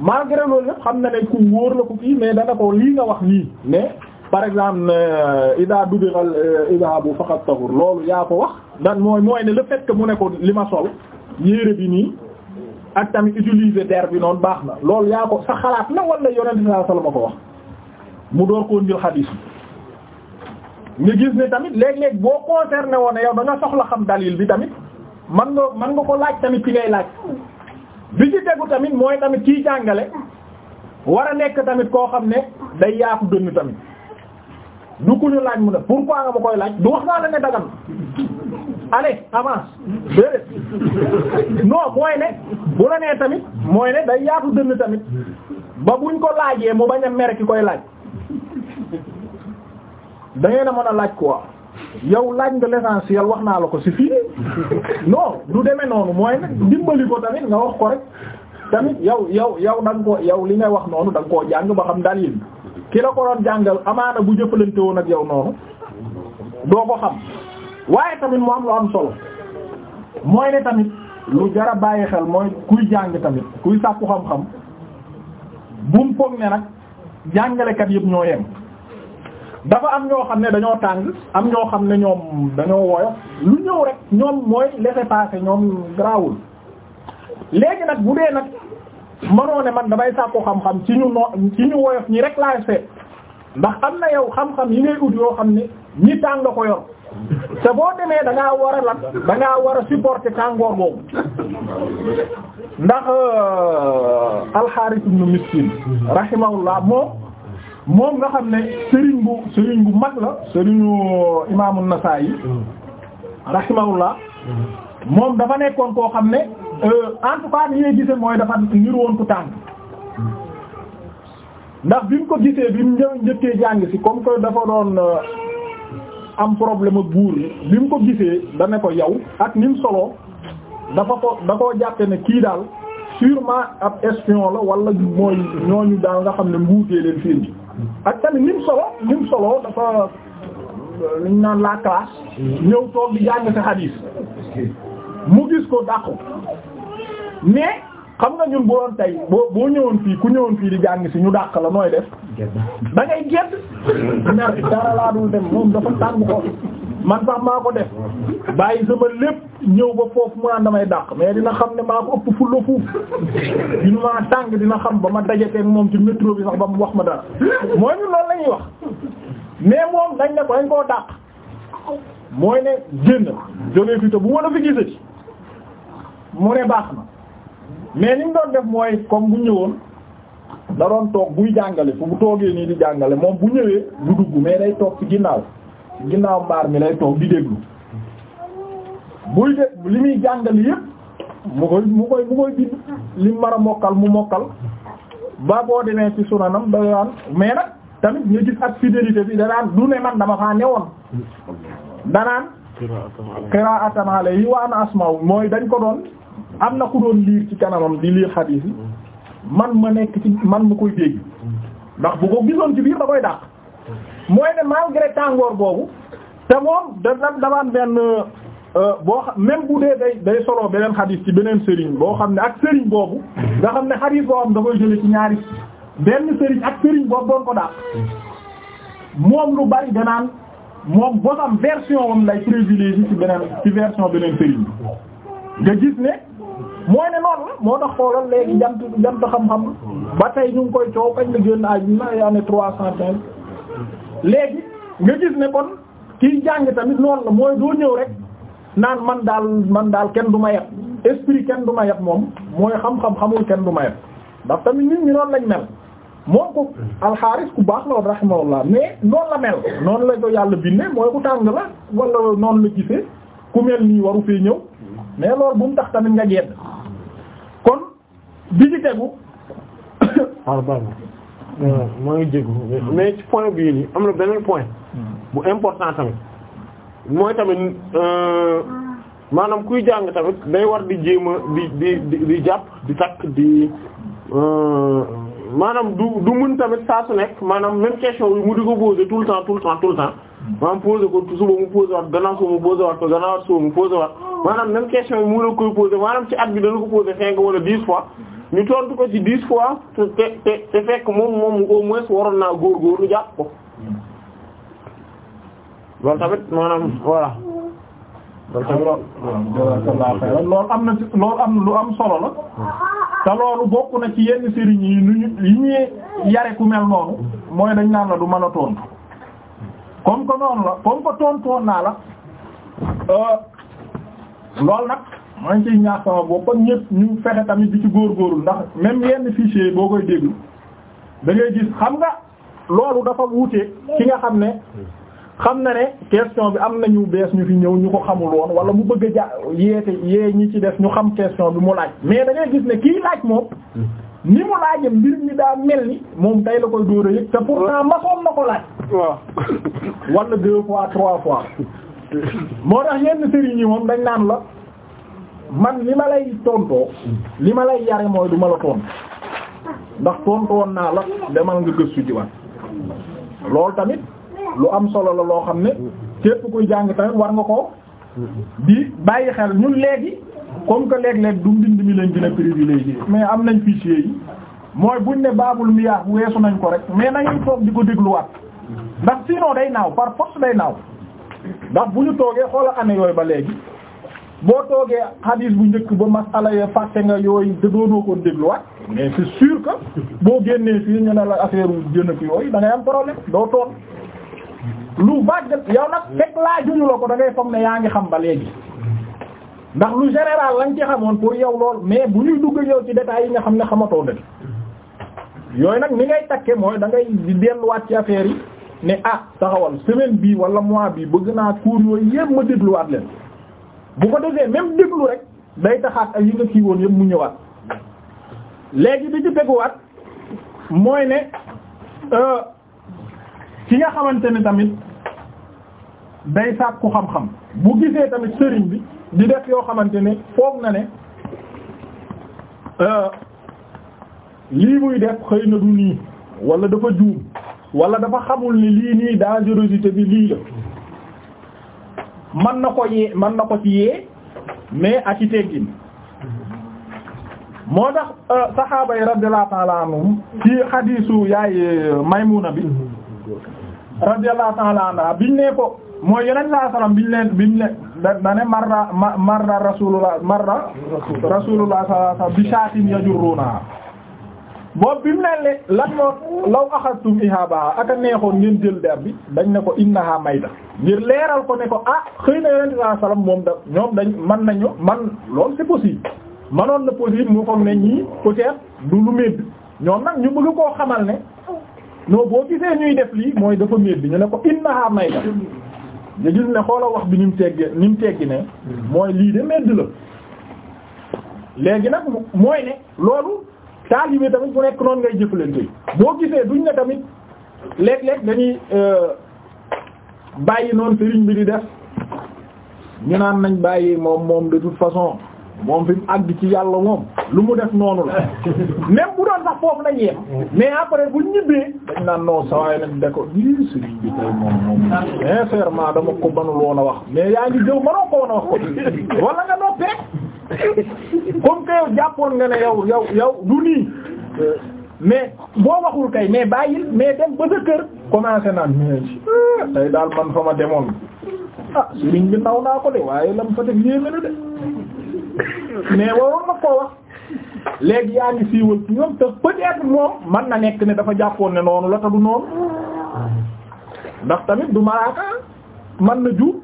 malgré loolu yëpp xam na ne ku wóor la ko kii mais dana ko lii nga wax nii mais par exemple euh, ida dubiral euh, ida bu faqat tahur loolu yaa ko wax dan mooy mooy ne le fait mu ne ko li ma sol yére bi nii ak tamit utiliser der bi noonu baax na loolu yaa ko sa xalaat la wala yonente saa la ma ko wax mu door koo njël xadiis bi nga gis ne tamit léeg-léeg boo concerné woon yow da nga soxla xam dalil bi tamit man nga man nga ko laaj tamit ci ngay laaj bi ci tegu tamit mooy tamit ki jàngale war a nekk tamit koo xam ne day yaatu dënn tamit du ku ñu laaj mu ne pourquoi nga ma koy laaj du wax naa la ne dagan allez avance déedéet non mooy ne bu la tamit mooy day yaatu dënn tamit ba buñ ko laajee mu bañ a mere ki koy laaj da ngeen a mën laaj quoi yow laaj nga l'essentiel wax naa la ko si fii non du demee noonu mooy nag dimbali ko tamit nga wax ko rek tamit yow yow yow da nga koo yow li nga wax noonu da ko koo jàng ba xam dalil ki la ko doon jàngal amaana bu jëfalante woon ak yow noonu doo ko xam waaye tamit mu am lu am solo mooy ne tamit lu jar bàyyi xel mooy kuy jàng tamit kuy sàkku xam-xam bu mu foog ne nag jàngalekat yëpp ñoo yem. dafa am ñoo xam ne dañoo tàng am ñoo xam ne ñoom dañoo woyof lu ñëw rek ñoom mooy laisser passer ñoom garaawul léegi nag bu dee nag mënoo ne man damay sàkku xam-xam ci ñu no ci ñu woyof ñi rek laay seet ndax am na yow xam-xam yi ngay ut yoo xam ne ñi tàng ko yor te boo demee da ngaa war a lan da war a supporter tàngoor boobu ndax euh, alxaaris ibnu miskin rahimahullah moom moom nga xam ne sëriñ bu sëriñ bu mag la sëriñu imaamu Nasaa'i rahimahullah moom dafa nekkoon koo xam ne euh, en tout cas ni ñuy gise mooy dafa niru woon ku tàng ndax bi mu ko gisee bi mu ñëw njëkkee jàng si comme que dafa doon euh, am problème ak buur bi mu ko gisee da ko yow ak ni solo dafa ko da koo jàppe ne kii daal sûrement ab espion la wala mooy ñooñu daal nga xam ne mbuutee leen fiir bi ak tamit lim solo lim solo dafa li ñu naan la classe. ñëw toog di jàng sa hadith. mu ko dàqu mais. xam nga ñun bu doon tey boo boo ñëwoon fii ku ñëwoon fii di jàng si ñu dàq la nooy def da ngay gedd mer dara laa dul dem moom dafa tàng ko man sax maa ko def bàyyi sama lépp ñëw ba foofu mu naan damay dàq mais dina xam ne maa ko ëpp fulla fuuf dina maa tàng dina xam ba ma daje dajateeg moom ci métro bi sax ba mu wax ma dara mooy ñun loolu la wax mais moom dañ ne ko dañ koo dàq mooy ne génn jógee fi te bu ma la fi gisati mu ne baax na mais li mu doon def mooy comme bu ñëwoon da doon toog buy jàngale fu bu toogee nii di jàngale moom bu ñëwee du dugg mais day toog ci ginnaaw ginnaaw mbaar mi lay toog di déglu buy de li muy jàngale yépp mu koy mu koy mu koy bind li mu war a mokkal mu mokkal ba boo demee ci sunanam da daan mais nag tamit ñu gis ak fidélité bi da du ne man dama faa newoon danaan qira'atan alayhi wa ana asma'u mooy dañ ko doon am na ku doon liir ci kanamam di liir xadiis yi man ma nekk ci man ma koy dégg ndax bu ko gisoon ci biir da koy dàq mooy ne malgré tàngoor boobu te moom da damaan benn euh, boo xam même bu dee day day soloo beneen xadiis ci beneen sëriñ boo xam ne ak sëriñ boobu nga xam ne xadiis boo xam da koy jële ci ñaari benn sëriñ ak sëriñ boobu doon ko dàq moom lu bari danaan moom boo xam version wam lay privilégié ci beneen ci version beneen sëriñ bi nga gis mooy ne noonu la moo tax xoolal léegi jant jant xam-xam ba tey ñu ngi koy coow kañ la génn ay ay année trois cent quinze léegi nga gis ne kon kiy jàng tamit noonu la mooy doo ñëw rek naan man daal man daal kenn du ma yeb esprit kenn du ma yeb moom mooy xam-xam xamul kenn du ma yeb ndax tamit nit ñi noonu lañ mel moo ko alxaaris ku baax la woon rahimahullah mais noonu la mel noonu la ko yàlla bindee mooy ku tàng la wala noonu la gisee ku mel nii waru fee ñëw mais loolu bu mu tax tamit nga kon bi ci tegu ah, pardon euh, maa ngi jégu mais ci point bii nii am na beneen point bu important tamit mooy tamit euh, maanaam kuy jàng tamit day war di jéem a di di di jàpp di takk di euh, maanaam du du mën tamit saa su nekk maanaam même question bi mu di ko poser tout le temps tout temps tout le temps maanaam poser ko suba mu poser waat gannaaw suba mu poser waat ko gannaaw suba mu poser waat maanaam même question bi mu la koy poser maanaam ci at bi dana ko poser cinq wala dix fois ñu tontu ko ci dix fois te te te fekk moom moom au moins waroon naa góorgóorlu jàpp ko loolu tamit maanaam voilà. jazakallahu loolu am na lool am lu am solo la te loolu bokk na ci yenn sëriñ yi ñu yi ñuy yare ku mel noonu mooy dañ naan la du man a tontu comme que noonu la comme que tontu naa la euh, loolu nag maa ngi ciy ñaax sama bopp ak ñëpp ñu fexe tamit di ci góor góorgóorlu ndax même yenn fichier boo koy déglu da ngay gis xam nga loolu dafa wuute ki nga xam ne xam na ne question bi am na ñu bees ñu fi ñëw ñu ko xamul woon wala mu bëgg a ja yeete yee ñi ci def ñu xam question bi mu laaj mais da gis ne kii laaj moom ni mu laaje mbir mi daa mel ni moom tay la koy dóor te pourtant masoon na ko laaj waaw wala deux fois trois fois moo tax yenn moom dañ naan la man li ma lay tontoo li ma lay yare mooy duma la tontu ndax tontu woon naa la demal nga gëstu jiwaat loolu tamit lu am solo la loo xam ne képp kuy jàng tamit war nga ko di bàyyi xel ñun léegi comme que léeg-léeg du mbind mi lañ gën a privilégié mais am nañ fichier yi mooy buñ ne baabul miyaah weesu nañ ko rek mais nañuy toog di ko dégluwaat ndax sinon day naaw par force day naaw ndax bu ñu toogee xoola année yooyu ba léegi boo toogee hadis bu njëkk ba masala ya fàtte nga yooyu te doonoo ko dégluwaat mais c'est sur que boo génnee fii ñu ne la affaire jën ak yooyu da ngay am problème doo toon lu bàgg yow nag fekk laa juñu ko da ngay foog yaa ngi xam ba léegi ndax lu général lañ ci xamoon pour yow lool mais bu ñuy dugg ñëw ci détails yi nga xam ne xamatoo dëgg yooyu nag ni ngay takke mooy da ngay di delluwaat ci affaire yi ne ah taxawal semaine bii wala mois bi bëgg naa cours yooyu yépp ma dégluwaat leen bu ko defee même déglu rek day taxaat yi nga kii woon yépp mu ñëwaat léegi bi ci teguwaat mooy ne. Euh, ki nga xamante ni tamit day sàkku xam-xam bu gisee tamit sëriñ bi di def yoo xamante ne foog na ne euh, lii muy def xëy na du nii wala dafa juum wala dafa xamul ni lii nii dangerosité bi lii la mën na ko yee mën na ko ci yee mais ak ci teggin moo tax euh, saxaaba yi radiyallahu ta'ala anhum ci xadiisu yaay Maymuna bi radiyallahu ta'ala anha biñ ne ko mooy yeneen saa salaam biñ leen biñ leen da ne marra marra rasulullah marra rasulullah sallallahu alayhi wasallam bi shaatin yajurruna boobu bi mu ne lan moo law axastum ihaba aka neexoon ngeen jël der bi dañ ne ko innaha mayda ngir leeral ko ne ko ah xëy na yonente saa sallam moom da ñoom dañ man nañu man loolu c'est possible manoon na possible mu foog ne ñii peut-être lu médd ñoom nag ñu bëgg koo xamal ne non boo gisee ñuy def lii mooy dafa miir bi ñu ne ko innahaa mayta nga gis ne xoola wax bi ni mu tegge ni mu teggi ne mooy lii de medd la léegi nag mooy ne loolu taalibe tamit bu nekk noonu ngay jëflante boo gisee duñ ne tamit léeg-léeg dañuy euh, bàyyi noonu sëriñ bi di def ñu naan nañ bàyyi moom moom de toute façon moom fi mu àgg ci yàlla moom lu mu def noonu la même bu doon sax foofu la ñu yem mais après bu ñibbee dañ naan non saa waay nag da ko lii sëriñ bi tey moom moom sincèrement dama ko banul a wax mais yaa ngi jëw mënoo ko woon a wax ko wala nga noppi rek comme que jàppoon nga ne yow yow yow du nii mais boo waxul kay mais bàyyil mais dem ba sa kër commencé naan mais ah, tey daal man fa ma demoon ah sëriñ bi ndaw naa ko de waaye lam fa def yéeme mais waroon na koo wax léegi yaa ngi siiwal ci ñoom te peut moom man na nekk ne dafa jàppoon ne noonu la te du noonu ndax tamit du malaaka man na juum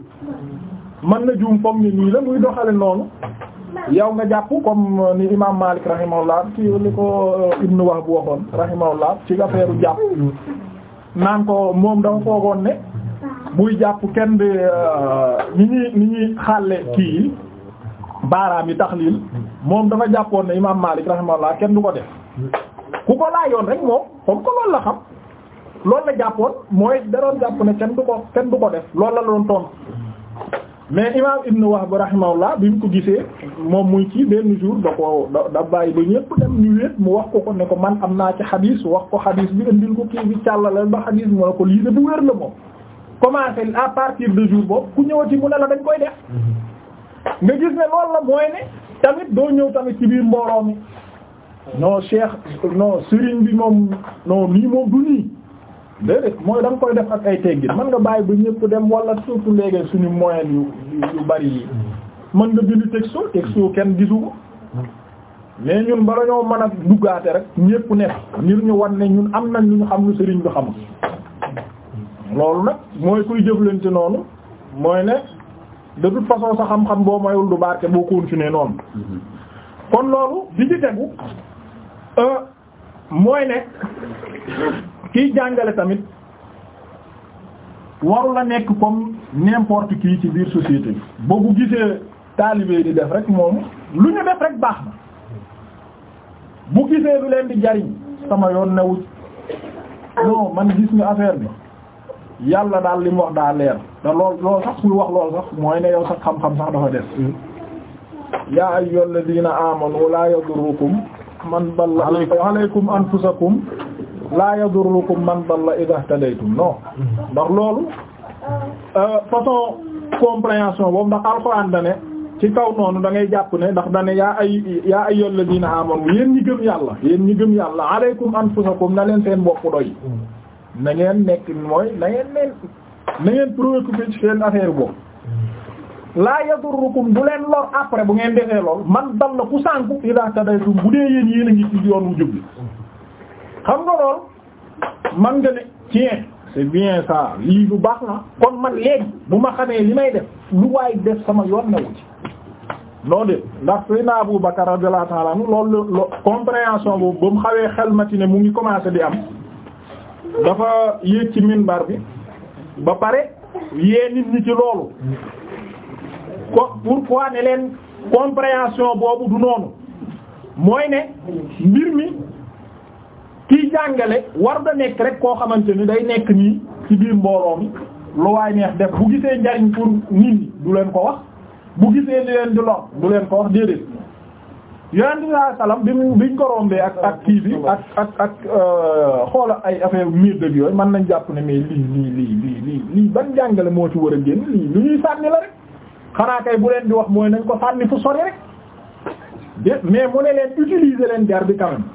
man na juum foog ni nii la muy doxale noonu yow nga jàpp comme ni imam Malik rahimahullah ci ni ko euh, Ibn Wahb bu waxoon rahimahullah ci affaire jàpp naan ko moom dafa foogoon ne muy jàpp kenn de euh, ni ñuy ni ñuy xàlle kii yi baaraam yi taxliil moom dafa jàppoon ne imaam Maalik rahimahullah kenn du ko def ku ko laajoon rek moom comme que loolu la xam loolu la jàppoon mooy da doon jàpp ne kenn du ko kenn du ko def loolu la doon tontu mais imaam Ibn Wahb rahimahullah bi mu ko gisee moom muy ci benn jour da ko da bàyyi ba ñëpp dem ñu wéet mu wax ko ko ne ko man am naa ci xadiis wax ko xadiis bi indil ko kii bi càllale ba xadiis mu ne ko lii de bu wér la moom commencé à partir de jour boobu ku dañ koy def nga gis ne loolu la mooy ne tamit doo ñëw tamit ci biir mbooloo mi non cheikh non sëriñ bi moom non nii moom du nii déedéet mooy da nga koy def ak ay teggin mën nga bàyyi ba ñëpp dem wala surtout léegi suñu moyen yu yu bari yi mën nga bind texto texto kenn gisu ko mais ñun bala ñoo mën a duggaate rek ñëpp ne ngir ñu wan ne ñun am nañ ñu xam lu sëriñ bi xamul loolu nag mooy kuy jëflante noonu mooy ne de toute façon sa xam-xam boo mayul du barke boo continuer noonu kon loolu bi ci tegu euh, mooy ne kiy jàngale tamit waru a nekk comme n'importe kii ci biir société bi boo ko gisee taalibe di def rek moom lu ñu def rek baax na bu gisee lu leen di jariñ sama yoon newu non man gis nga affaire bi yàlla daal li wax daa leer te lool loolu sax muy wax loolu sax mooy ne yow sax xam-xam sax dafa des mm-hmm. yaa ayyuhal ladina amanu la yadurrukum man dalla alaykum anfusakum la yadurrukum man dalla idha ihtadaytum non mm-hmm. ndax loolu euh, façon compréhension boobu ndax alxuraan da ci kaw noonu da ngay jàpp ne ndax da ne yaa ay yaa ayyuhal ladina amanu yéen ñi gëm yàlla yéen ñi gëm yàlla alaykum anfusakum na leen seen bopp doy mm-hmm. na ngeen nekk mooy na ngeen leen na ngeen préoccupé affaire boobu laa yadurrukum bu leen lor après bu ngeen defee lool man dal na ku sànku a tadaytum bu dee yéen yéen a ngi ci yoon wu jub xam nga lool man nga ne tiens c'est bien ça lii lu baax na kon ma léegi bu ma xamee li may def lu waay def sama yoon newu ci non de ndax Seydina Abu Bakar radiyallahu ta'ala anhu loolu lo- lo- compréhension boobu ba mu xawee xel mati ne mu ngi commencé di am dafa yéeg ci minbar bi ba pare yee nit ñi ci loolu ko pourquoi ne leen compréhension boobu du noonu mooy ne mbir mi kiy jàngale war da nekk rek koo xamante ni day nekk nii ci biir mbooloo mi lu waay neex def bu gisee njariñ pour nit ñi du leen ko wax bu gisee li leen di lor du leen ko wax déedéet yonent bi sallallahu alayhi wasallam bi ñu ko rombee ak ak kii bi ak ak ak euh, xoola ay affaire miir dëgg yooyu man nañ jàpp ne mais lii lii lii lii lii ban jàngale moo ci war a génn lii lu ñuy sànni la rek xanaa kay bu leen di wax mooy nañ ko sànni fu sori rek de mais mu ne leen utiliser leen jar bi quand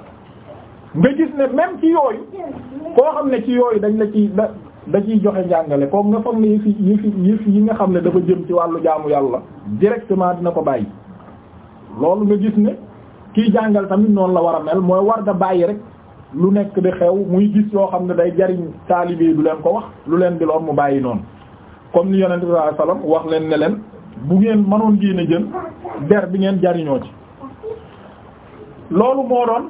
nga gis ne même ci yooyu koo xam ne ci yooyu dañ la ciy da da ciy joxe njàngale kooku nga foog ne yëfi yëfi yëfi yi nga xam ne dafa jëm ci wàllu jaamu yàlla directement dina ko bàyyi loolu nga gis ni kiy jàngal tamit noonu la war a mel mooy war da bàyyi rek lu nekk di xew muy gis loo xam ne day jariñ taalibe du leen ko wax lu leen di loon mu bàyyi noonu comme li yonent bi sallallahu wax leen ne leen bu ngeen mënoon ngeen a der bi ngeen jariñoo ci loolu moo doon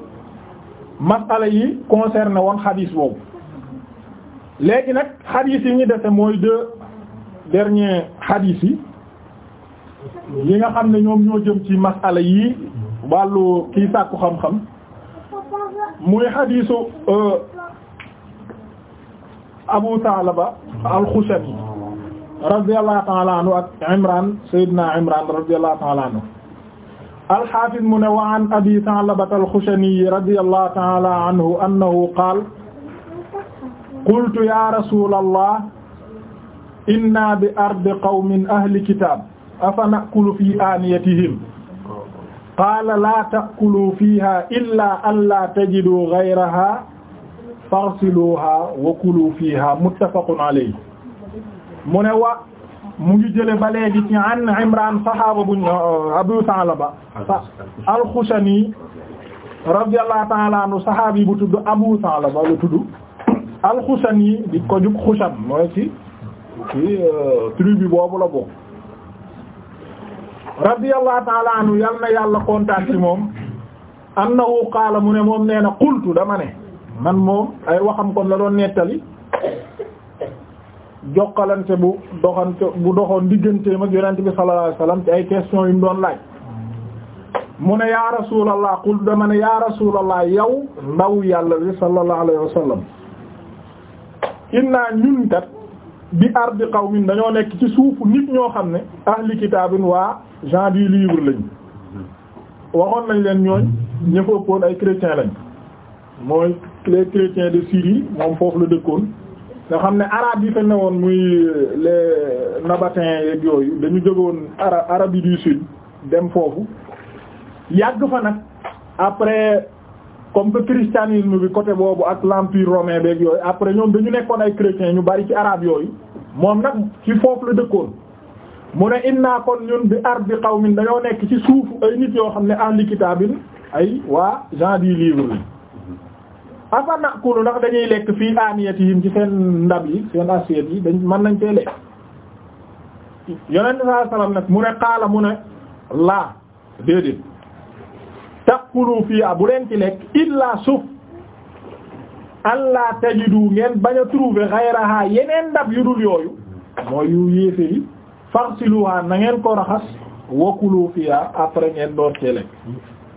masala yi concerné woon xadiis boobu léegi nag xadiis yi ñu dese mooy deux dernier xadiis yi yi nga xam ne ñoom ñoo jëm ci masala yi wàllu kii sàkku xam-xam muy xadiisu euh, Abu Taalaba al-Xushani radiyallahu ta'ala anhu ak Imran Seydina Imran radiyallahu ta'ala anhu al-Hafiz mu ne wa an Abi Taalaba al-Xushani radiyallahu ta'ala anhu annahu qaala qultu ya rasulallah inna bi ardi qawmin ahli kitaab afa nakulu fi aniyatihim qaala laa takulu fiiha illa an laa tajidu gayraha farsiluha wa kulu fiiha muttafaqun alayhi mu ne wa mu ngi jële ba léegi ci an imran sahaaba buñ euh, abu taalaba alxushani radiyallahu taala anhu sahaabi bu tudd abu taalaba lu tudd alxushani di ko jug xusham mooy ci ci euh, tribu boobu la bokk radiyallahu ta'ala anhu yal na yàlla kontaan ci moom annahu qaala mu ne moom nee na qultu dama ne man moom ay waxam kon la doon nettali jokkalante bu doxante bu doxoon digganteem ma yonent bi sallallahu alayhi wasallam ay question yu mu doon laaj mu ne yaa rasulallah qultu dama ne yaa rasulallah yow ndaw yàlla li sallallahu alayhi inna ñun kat bi ardi qawmin dañoo nekk ci suufu nit ñoo xam ne ahli kitaabin waa gens du livre lañ waxoon nañ leen ñooñ ña ay chrétiens lañ mooy les chrétiens de Syrie moom foofu la dëkkoon ñoo xam ne arabe yi fa ne woon muy euh, les nabatéens yeeg yooyu dañu jógoon ara Arabie du Sud dem foofu yàgg fa nag après comme que christianisme bi coté boobu ak l'empire romain beeg yooyu après ñoom dañu nekkoon ay chrétiens ñu bari ci arabe yooyu moom nag ci foofu la dëkkoon mu ne inna kon ñun bi xaw qawmin dañoo nekk ci suuf ay nit yoo xam ne ahli kitaabin ay waa gens du livre li afa naqulu ndax dañuy lekk fii aniyatihim ci seen ndab yi seen assiette yi dañ mën nañ cee lekk yonent saa salaam nag mu ne xaala mu ne laa déedéet taqulu fii a bu leen ci lekk in illa suuf allah tajidu ngeen bañ a trouver xayraha yeneen ndab yu dul yooyu mooy yu yéeféri farsiluha na ngeen ko raxas wakulu fiha après ngeen door cee lekk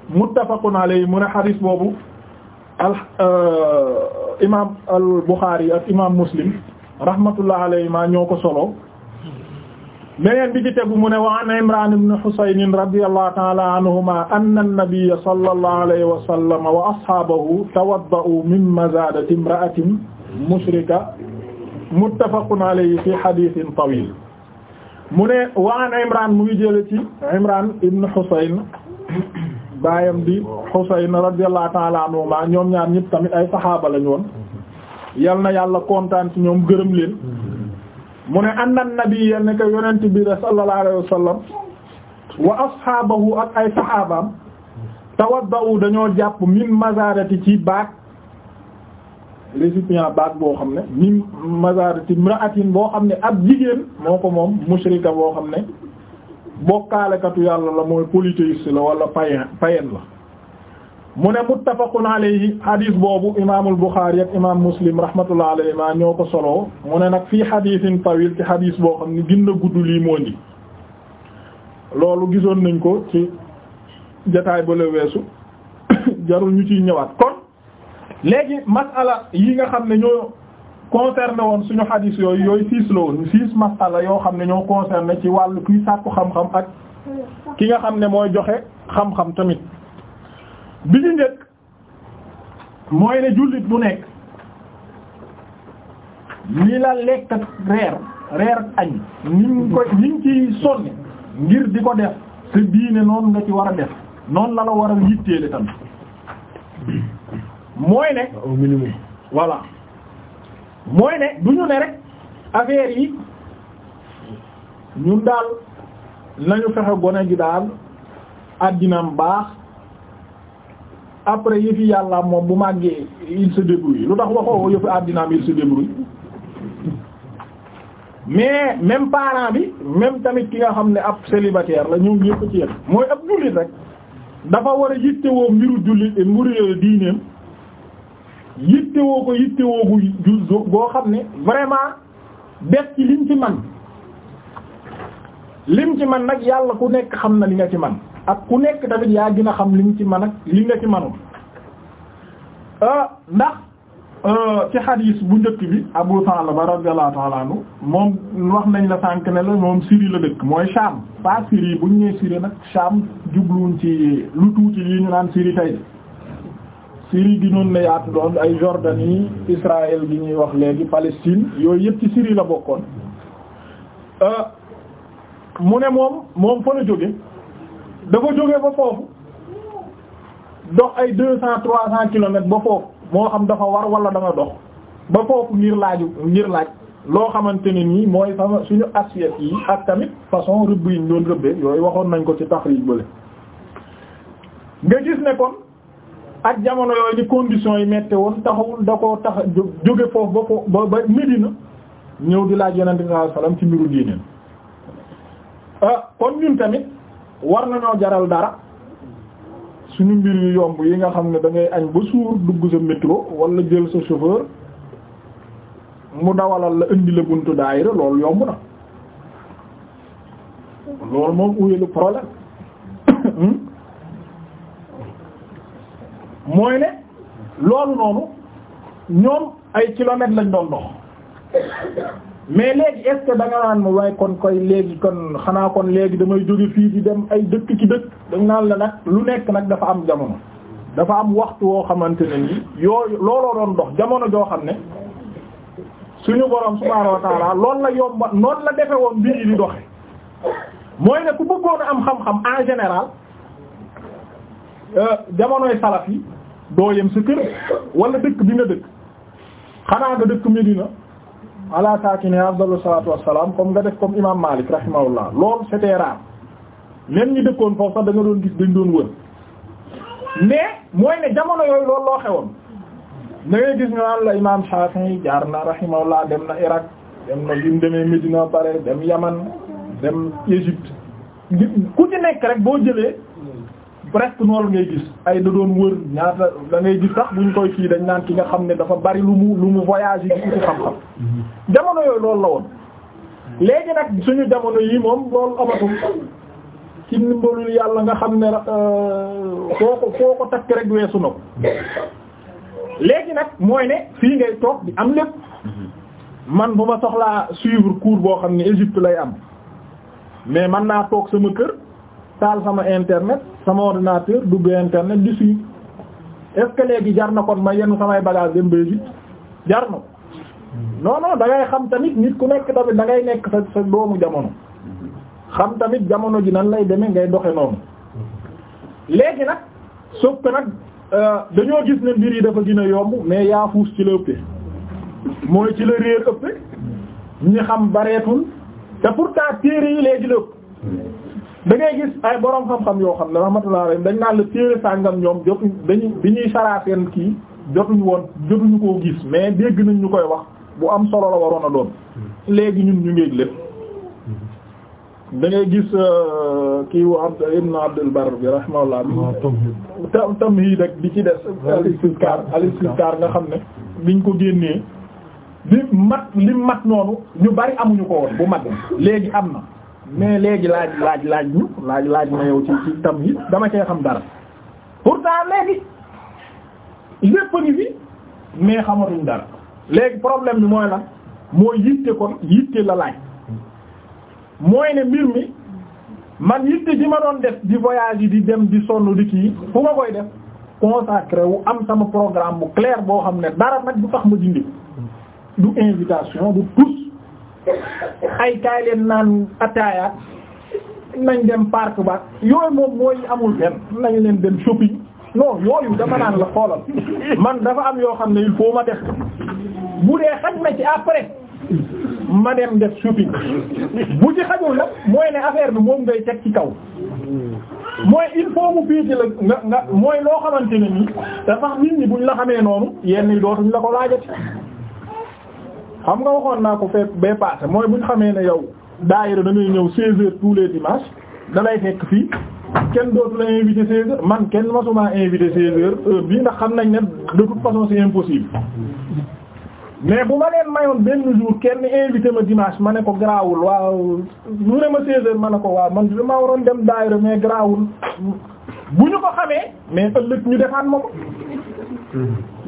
muttafaqun alayhi mu ne xadis boobu al euh, imaam al Buxaari ak imaam Muslim rahmatullah alayhi ma ñoo ko solo beneen bi ci tegu mu ne wa an Imran ibn Husayn radiyallahu ta'ala anhuma anna an-nabiyya sallallahu alayhi wa sallam wa ashaabahu tawadda'u min mazaadati imra'atin mushrika muttafaqun alayhi fi hadithin tawil mu ne wa an Imran mu ngi jële ci Imran ibn Husayn baayam di Husayn radiyallahu ta'ala anhuma ñoom ñaar ñëpp tamit ay saxaaba lañu woon yal na yàlla kontaan ci ñoom gërëm leen mu ne anna nabiyya ne ko bi sallallahu alayhi wa sallam wa ashaabahu ak ay saxaabaam tawadda'u dañoo jàpp min mazarati ci baag récipient baag boo xam ne min mazarati imra'atin boo xam ne ab jigéen moo ko moom mushrika boo xam ne bokkaalekatu yàlla la mooy polythéiste la wala païen païenne la mu ne naa alayhi hadith boobu imaamul Buxaari ak imaam Muslim rahmatullah alayhi ma ñoo ko solo mu ne nag fii hadithin tawil ci hadith boo xam ne gën a gudd lii moo ndi loolu gisoon nañ ko ci jotaay ba weesu jarul ñu ciy ñëwaat kon léegi masala yi nga xam ne ñoo concerné woon suñu hadith yooyu yooyu siis la woon siis masala yoo xam ne ñoo concerné ci wàllu kuy sàkku xam-xam ak ki nga xam ne mooy joxe xam-xam tamit bi ñu njëkk mooy ne jullit bu nekk li la lekk ak reer reer ak añ ni ngi koy ni ngi ciy sonni ngir di ko def te diine noonu nga ci war a def noonu la la war a yitteele tamit mooy ne au mooy ne du ñu ne rek affaire yi ñun daal nañu fexe gone gi daal addinam baax après yëfi yàlla moom bu màggee il se débrouille lu tax waxoo yëfi àddinaam il se débrouille mais même parent bi même tamit ki nga xam ne ab célibataire la ñoom yëpp ci yëpp mooy ab jullit rek dafa war a yittewoo mbiru jullit eh, mbiru eh, diineem yittewoo ko yittewoo gu ju goo xam ne vraiment def ci lim ci man lim ci man nag yàlla ku nekk xam na li nga ci man ak ku nekk tamit yaa gën a xam li nga ci man ak li nga ci manul euh, ndax euh, ci xadiis bu njëkk bi Abu Talaba radiyallahu ta'ala anhu moom wax nañ la sànk ne la moom Syrie la dëkk mooy Sham pas Syrie bu ñu nee Syrie nag Sham jubluwuñ ci lu tuuti lii naan Syrie tey Syrie gi noonu la yaatu doon ay Jordan yi gi ñuy wax léegi Palestine yooyu yëpp ci Syrie la bokkoon euh, mu ne moom moom fa la jóge dafa jóge ba foofu dox ay deux cent trois cent kilomètres ba foofu moo xam dafa war wala da nga dox ba foofu ngir laaju ngir laaj loo xamante ni nii mooy sama suñu assiette yi ak tamit façon rëbb yi ñu doon rëbbee yooyu waxoon nañ ko ci taxrij bële nga gis ne kon ak jamono yooyu ni conditions yi mette woon taxawul da ko tax jóge foofu ba foofu ba ba Medina ñëw di laaj yonente bi sallallahu ci mbiru diineen ah kon ñun tamit war nañoo jaral dara suñu mbir yu yomb yi nga xam ne dangay ngay añ ba suur dugg sa métro wala jël sa chauffeur mu dawalal la indi la buntu daayira loolu yomb na loolu moom uyelu problème hmm? mooy ne loolu noonu ñoom ay kilomet lañ doon dox mais léegi est ce que naan ma waaye kon koy léegi kon xanaa kon léegi damay jóge fii di dem ay dëkk ci dëkk dañ naan la nag lu nekk nag dafa am jamono dafa am waxtu woo xamante ne ni yooyu looloo doon dox jamono joo xam ne suñu borom subhaanahu wa ta'ala loolu la yomba noonu la defe woon mbir yi di doxe mooy ne ku bëggoon am xam-xam en général euh, jamonoy salaf yi doo yem sa kër wala dëkk bi nga dëkk xanaa nga dëkk Medina ala saakine afdalu salaatu wassalaam comme nga def comme imam Malik rahimahullah loolu c'était rare même ñi dëkkoon foofu sax da nga doon gis dañ doon wër mais mooy ne jamono yooyu loolu loo xewoon da ngay gis ñu naan la imam Shafi'i jaar na rahimahullah dem na Irak dem na lim demee Médina pare dem Yaman dem Égypte ku ci nekk rek boo jëlee presque noonu ngay gis ay da doon wër ñaata da ngay gis sax buñ koy fii dañ naan ki nga xam ne dafa bari lu mu lu mu voyage yi ci xam-xam jamono yooyu loolu la woon léegi nag suñu jamono yii moom loolu amatul ci ndimbalul yàlla nga xam ne euh, foo ko foo ko takk rek weesu na ko léegi nag mooy ne fii ngay toog di am lépp man bu ma soxlaa suivre cours boo xam ne Égypte lay am mais man naa toog sama kër taal sama internet sama ordinateur bu internet di suivre est-ce léegi jar na kon ma yenn samay bagage dem Belgique jar na non non da ngay xam tamit nit ku nekk tamit da ngay nekk sa sa doomu jamono xam tamit jamono ji nan lay demee ngay doxe noonu léegi nag soog nag euh, dañoo gis ne mbir yi dafa gën yomb mais yaa fuus ci la ëppee mooy ci la réer ëppee ñi xam bareetul te pourtant téere yi léegi la ëpp da gis ay boroom xam-xam yoo xam ne rahmatullah alayhim dañ naa la téere sàngam ñoom jotuñ dañuy bi ñuy saraateen kii jotuñ woon jotuñu ko gis mais dégg nañ ñu koy wax bu am solo la waroon a doon léegi ñun ñu ngi lépp da ngay gis euh, kii wu am ibn Abdul Barr bi rahmatullah ah, tam tam yi rek di ci des al-Istizkar al-Istizkar nga xam ne biñ ko génnee bi mat li mat noonu ñu bari amuñu ko woon bu mat léegi am na mais léegi laaj laaj laaj ñu laaj laaj ma yow ci ci tam yi dama cee xam dara pourtant léegi lépp a ngi fi mais xamatuñ dara léegi problème bi mooy lan mooy yitte kon yitte la laaj mooy ne mbir mi man yitte ji ma doon def di voyage yi di dem di sonn di kii fu ma koy def consacré wu am sama programme bu clair boo xam ne dara nag du tax ma dindi du invitation du tous ay kaay leen naan ataaya nañ dem parc ba yooyu moom mooy amul benn nañ leen dem shopping non yooyu dama naan la xoolal man dafa am yoo xam ne il faut ma def bu dee xaj na ci après ma dem def shopping bu ci xajul nag mooy ne affaire bi moom ngay teg ci kaw mooy il faut mu piiti la nga nga mooy loo xamante ne nii dafa nit ñi buñ la xamee noonu yenn yi dootuñ la ko laajati xam nga waxoon naa ko fekk bee passé mooy bu ñu xamee ne yow daayira da ngay ñëw 16 heures tous les dimanches da lay fekk fii kenn dootu la invité 16 heures man kenn masuma invité 16 heure bii ndax xam nañ ne de toute façon c'est impossible. mais bu ma leen mayoon benn jour kenn invité ma dimanche ma ne ko garaawul waaw mu ne ma 16 heures ma ne ko waaw man dama waroon dem daayira mais garaawul bu ñu ko xamee mais ëllëg ñu ma ko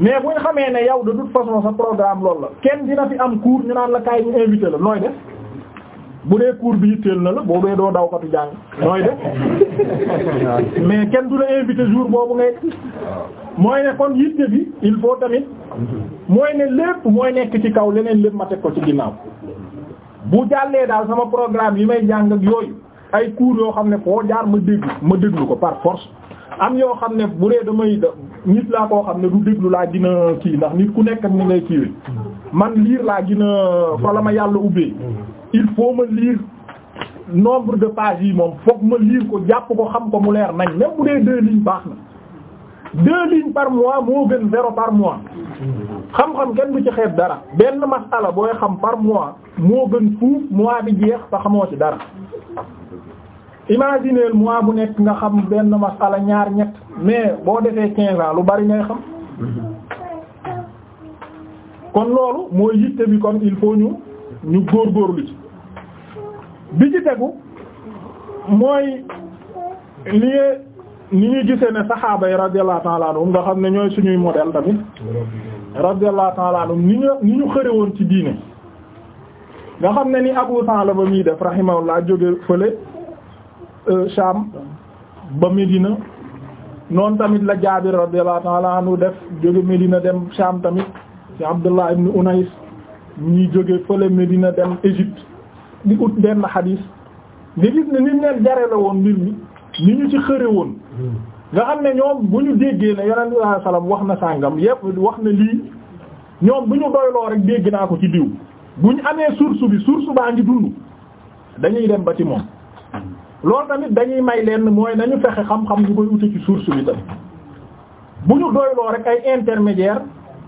mais buñ xamee ne yow de toute façon sa programme loolu la kenn dina fi am cours ñu naan la kaay ñu invité la nooy def bu dee cours bi yitteel na la boo dee doo daw dawkatu jàng nooy def mais kenn du la invité jour boobu ngay mooy ne kon yitte bi il faut tamit mooy ne lépp mooy nekk ci kaw leneen lépp ma teg ko ci ginnaaw bu jàllee daal sama programme yi may jàng ak yooyu ay cours yoo xam ne foo jaar ma déglu ma déglu ko par force am yoo xam ne bu dee damay nit laa koo xam ne du déglu laa gën kii ndax nit ku nekk ni ngay kiiwe man liir laa gën a fa ma yàlla ubbee il faut ma liir nombre de pages moom foog ma liir ko jàpp ko xam ko mu leer nañ même bu dee deux lignes baax na deux lignes par mois moo gën zéro par mois xam-xam kenn du ci xeet dara benn masala booy xam par mois moo gën fuuf mois bi jeex te xamoo ci dara imaginez mois bu nekk nga xam benn masala ñaar ñett mais boo defee quinze ans lu bari ngay xam kon loolu mooy yitte bi kon il faut ñu ñu góorgóorlu ci bi ci tegu mooy li ni ñu gisee ne saxaaba yi radiyallahu ta'ala anhum nga xam ne ñooy suñuy modèle tamit radiyallahu ta'ala anhum ni ñu ni ñu xëre woon ci diine nga xam ne ni Abu Sa'laba miy def rahimahullah jóge fële Sham euh, ba Medina noon tamit la Jaabir radiyallahu ta'ala anhu def jóge Medina dem Sham tamit ci Abdullah ibn Unais ñi jóge fële Medina dem Égypte di ut benn xadiis nga gis ne niñ leen jarale woon mbir mi ni ñu ci xëre woon nga xam ne ñoom bu ñu déggee ne yonent wax na sàngam yépp wax na lii ñoom bu ñu doyloo rek dégg naa ko ci diw bu ñu amee source bi source baa ngi dund dañuy dem ba ci moom loolu tamit dañuy may lenn mooy nañu fexe xam-xam du koy wute ci source bi tamit bu ñu doyloo rek ay intermédiaire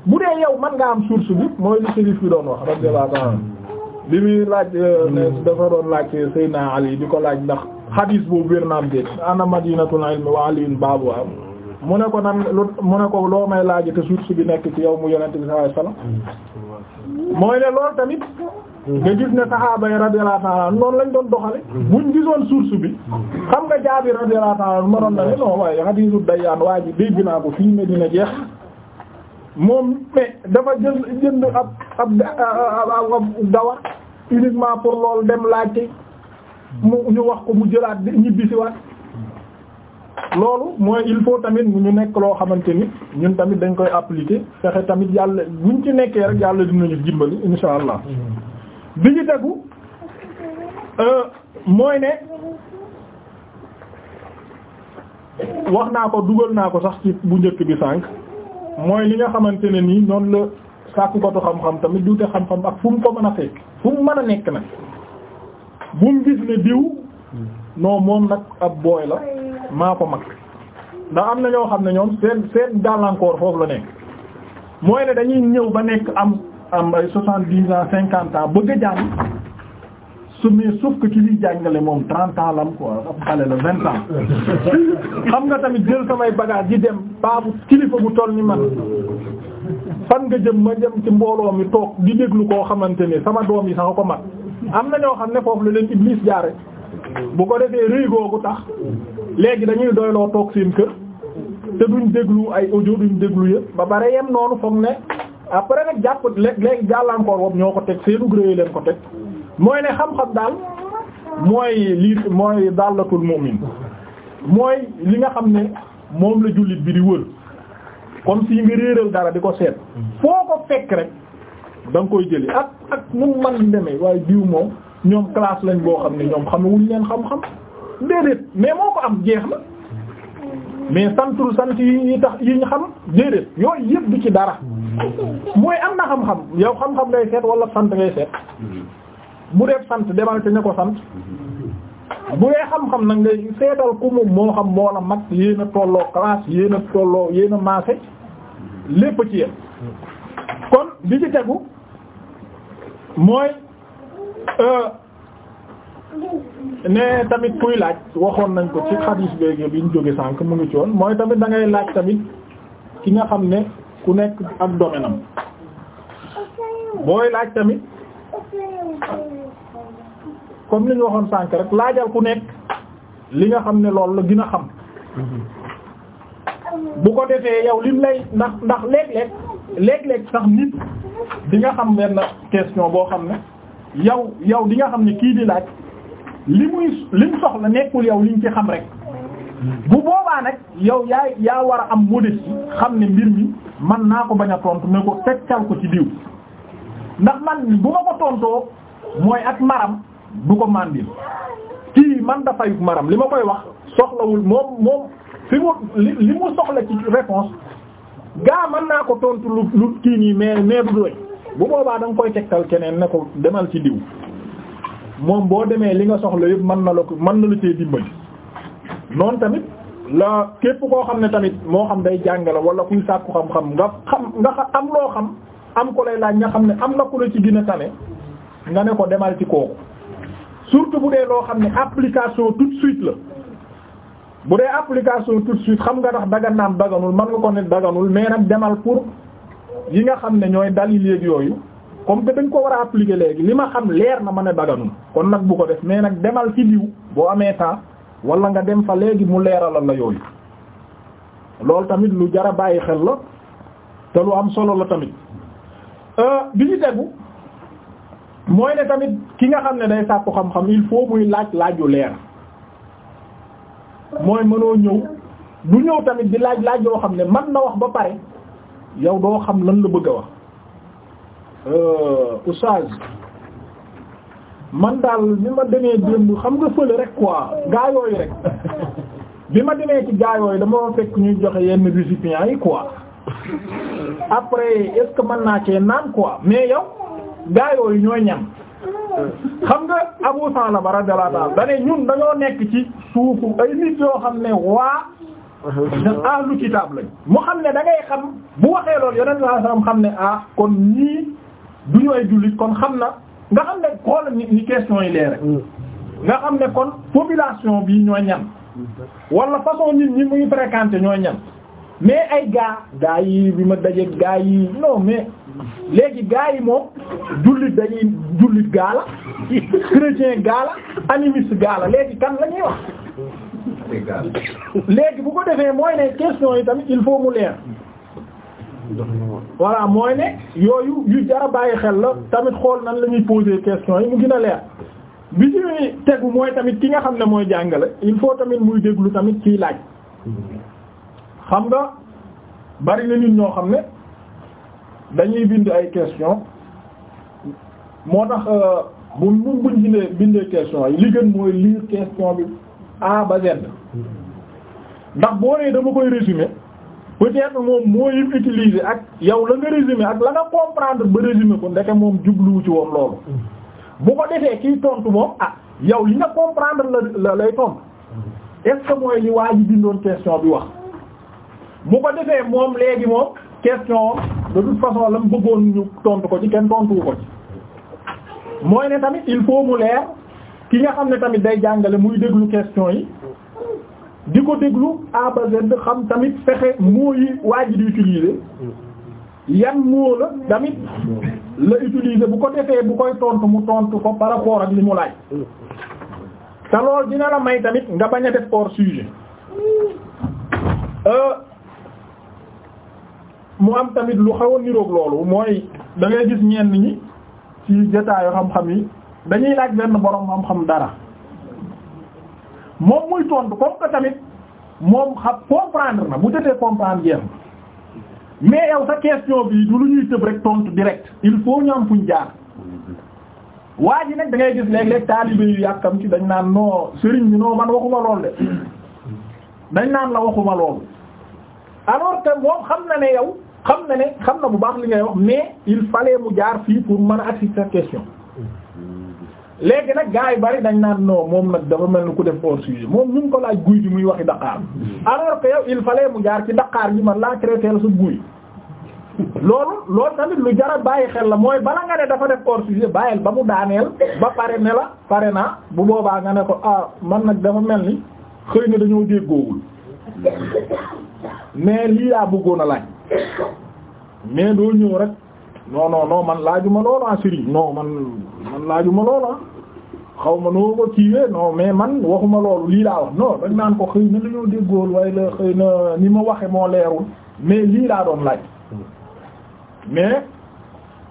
bu dee yow man nga am source bi mooy si sérif bi doon wax radiyallahu ta'ala li muy laaj euh, dafa doon laaj Seydina Ali di ko laaj ndax xadiis boobu wér na am déet ana madinatul ilmi wa aliyun baabu am mu ne ko nan mu ne ko loo may laaj te source bi nekk ci yow mu yonent bi sallallahu alayhi wasallam mooy ne loolu tamit nga gis ne saxaaba yi radiyallahu noonu lañ doon doxale buñ gisoon source bi xam nga Jaabir radiyallahu ta'ala na ne waaye hadiisu Dayyaan waa ji dégg naa ko fii Medina jeex moom mais dafa jël jënd ab ab ab pour loolu dem laajte mu ñu wax ko mu jëlaat ñibbisiwaat loolu mooy il faut tamit ñu nekk loo xamante nit ñun tamit dañ koy appliquer fexe tamit yàlla buñ ci nekkee rek yàlla dinañu dimbali insha allah bi ñu tegu euh, mooy ne wax naa ko dugal naa ko sax ci bu njëkk bi sànq mooy li nga xamante ne nii noonu la sàkkukatu xam-xam tamit duute xam-xam ak fu mu ko mën a fekk fu mu mën a nekk nag bu mu gis ne diw non moom nag ab booy la maa ko mag ndax am na ñoo xam ne ñoom seen seen gàllankoor foofu la nekk mooy ne dañuy ñëw ba nekk am am ay soixante-dix ans cinquante an bëgg a jàng su mais sauf que ci liy jàngale moom trente ans la am quoi am xale la vingt ans xam nga tamit jël samay bagage yi dem baabu kilifa bu toll ni man fan nga jëm ma jëm ci mbooloo mi toog di déglu koo xamante ne sama doom yi sax ko mat am na ñoo xam ne foofu la leen Iblis jaare bu ko defee rëy googu tax léegi dañuy doyloo toog seen kër te duñ déglu ay audio duñ déglu yëpp ba bare yem noonu foog ne après nag jàpp léegi gàllankoor boobu ñoo ko teg seenu gréé leen ko teg mooy ne xam-xam daal mooy lii mooy dallatul mu'min mooy li nga xam ne moom la jullit bi di wër comme si nga réeral dara di ko seet foo ko fekk rek da koy jëli ak ak mu man demee waaye diw moom ñoom classe lañ boo xam ne ñoom xamewuñ leen xam-xam déedéet mais moo ko am jeex na mais santul sant yi tax yi ñu xam déedéet yooyu yëpp du ci dara mooy am na xam-xam yow xam-xam ngay seet wala sant ngay seet bu dee sant demal te ne ko sant bu dee xam-xam nag ngay seetal ku mu moo xam moo la mag yéen a tolloo classe yéen a tolloo yéen a maase lépp ci yéen kon bi ci tegu mooy. Euh, ne tamit kuy laaj waxoon nañ ko ci xadiis beege bi ñu jóge sànq mu ngi ci woon mooy tamit da ngay laaj tamit ki nga xam ne ku nekk ak domaine booy laaj tamit kon li waxoon sànq rek laajal ku nekk li nga xam ne loolu la gën a xam bu ko defee yow lim lay ndax ndax léeg-léeg léeg-léeg sax nit di nga xam benn question boo xam ne yow yow di nga xam ne kii di laaj li muy li mu soxla nekkul yow liñ ci xam rek bu boobaa nag yow yaa yaa war a am modestie xam ne mbir mi man naa ko bañ a tontu ne ko tegtal ko ci diw ndax man bu ma ko tontoo mooy ak maram du ko mandil kii man dafay maram li ma koy wax soxlawul moom moom fi mu li mu soxla ci réponse gaa mën naa ko tontu lu kii nii mais mais du doy bu boobaa da koy tegtal keneen ne ko demal ci diw moom boo demee li nga soxla yëpp man na la ko mën na la cee dimbali noonu tamit la képp koo xam ne tamit moo xam day jàngale wala kuy sàkku xam-xam nga xam nga am loo xam am ko lay laaj nga xam ne am na ku la ci gën a nga ne ko demal ci kooku surtout bu dee loo xam ne application tout suite la bu dee application tout suite xam nga tax daga naam daganul mën nga ko ne daganul mais nag demal pour yi nga xam ne ñooy dal yi léegi yooyu comme que dañ ko war a appliquer léegi li ma xam leer na ma ne daganul kon nag bu ko def mais nag demal ci diw boo amee temps wala nga dem fa léegi mu leeralal la yooyu loolu tamit lu jar a bàyyi xel la te lu am solo la tamit euh, bi ñu tegu mooy ne tamit ki nga xam ne day sàkku xam-xam il faut muy laaj laaj yu leer mooy mënoo ñëw du ñëw tamit di laaj laaj yoo xam ne man na wax ba pare yow doo xam lan la bëgg a wax Euh, oustaz man daal ni ma demee démb xam nga fële rek quoi gaa yi rek bi ma demee ci gaayo yi dama fekk ñuy joxe yenn récipients yi quoi après est-ce naa cee naan quoi mais yow gaayo yi ñoo ñam xam nga Abu Salama radiyallahu anhu da ne ñun dañoo nekk ci suufu ay nit yoo xam ne waa. ahlu kitaab lañ. mu xam ne da xam bu waxee loolu yeneen laa xam ne ah kon ñii. du ñu ay jullit kon xam na nga xam ne xoolal ni ni question yi leer nga xam ne kon population bi ñoo ñam wala façon nit ñi muy fréquenter ñoo ñam mais ay gaa gaa yi bi ma daje gaa yi non mais léegi gaa yi moom jullit dañuy jullit gaa la chrétien gaa la animiste gaa la léegi kan lañuy wax léegi bu ko defee mooy ne question yi tamit il faut mu leer voilà mooy ne yooyu yu jara bàyyi xel la tamit xool nan lañuy ñuy poser question yi mu gën a leer bi ci tegu mooy tamit ki nga xam ne mooy jàngale il faut tamit muy déglu tamit ciy laaj xam nga bari na nit ñoo xam ne dañuy bind ay question moo tax euh, bu mu buñ bindee bindee question yi li gën mooy lire question bi A ba Z ndax boo nee dama koy résumer peut-être moom moo yëpp utiliser ak yow la nga résumer ak la nga comprendre ba résumer ko ndeke moom jubluwu ci woon loolu bu ko defee kiy tontu moom ah yow li nga comprendre la la lay tontu est mooy li waa ji bindoon question bi wax bu ko defee moom léegi moom question de toute façon la mu bëggoon ñu tontu ko ci kenn tontu ko ci mooy ne tamit il faut mu leer ki nga xam ne tamit day jàngale muy déglu question yi di ko déglu A xam tamit fexe mots yi waa ji di utiliser yan moo la tamit la utiliser bu ko defee bu koy tontu mu tontu ko par ak li mu laaj te loolu dina la may tamit nga bañ a def hors sujet euh, mu am tamit lu xaw a niroog loolu mooy dangay gis ñenn ñi ci jotaayu xam-xam yi dañuy laaj benn borom xam-xam dara moom muy tontu comme que tamit moom xam comprendre na bu jotee comprendre jeex mais yow sa question bi du lu ñuy tëb rek tontu direct il faut ñu am fuñ jaar waa ji nag da ngay gis léeg-léeg taalibe yu yàkkam ci dañ naan noo sëriñ bi noo man waxuma lool de dañ naan la waxuma lool alors que moom xam na ne yow xam na ne xam na bu baax li ngay wax mais il fallait mu jaar fii pour mën a agsi sa question léegi nag gaa yi bari dañ naan non moom nag dafa mel ni ku def hors sujet moom ñu ngi ko laaj guy bi muy waxi Dakar hmm. alors que yow il fallait mu jaar ci Dakar bi man laa traité la sa guy loolu loolu tamit lu jara bàyyi xel la mooy bala nga ne dafa def hors sujet bàyyil ba mu daaneel ba pare ne la pare naa bu boobaa nga ne ko ah man nag dafa mel ni xëy na dañoo déggoowul mais lii laa bëggoon a laaj mais doo ñëw rek non non non man laajuma loolaa ah, Serigne non man man laajuma loolaa ah. xaw ma noo ko kiiwee non mais man waxuma loolu lii laa wax non dañ naan ko xëy na la ñoo déggool waaye la xëy na ni ma waxe moo leerul mais lii laa doon laaj mais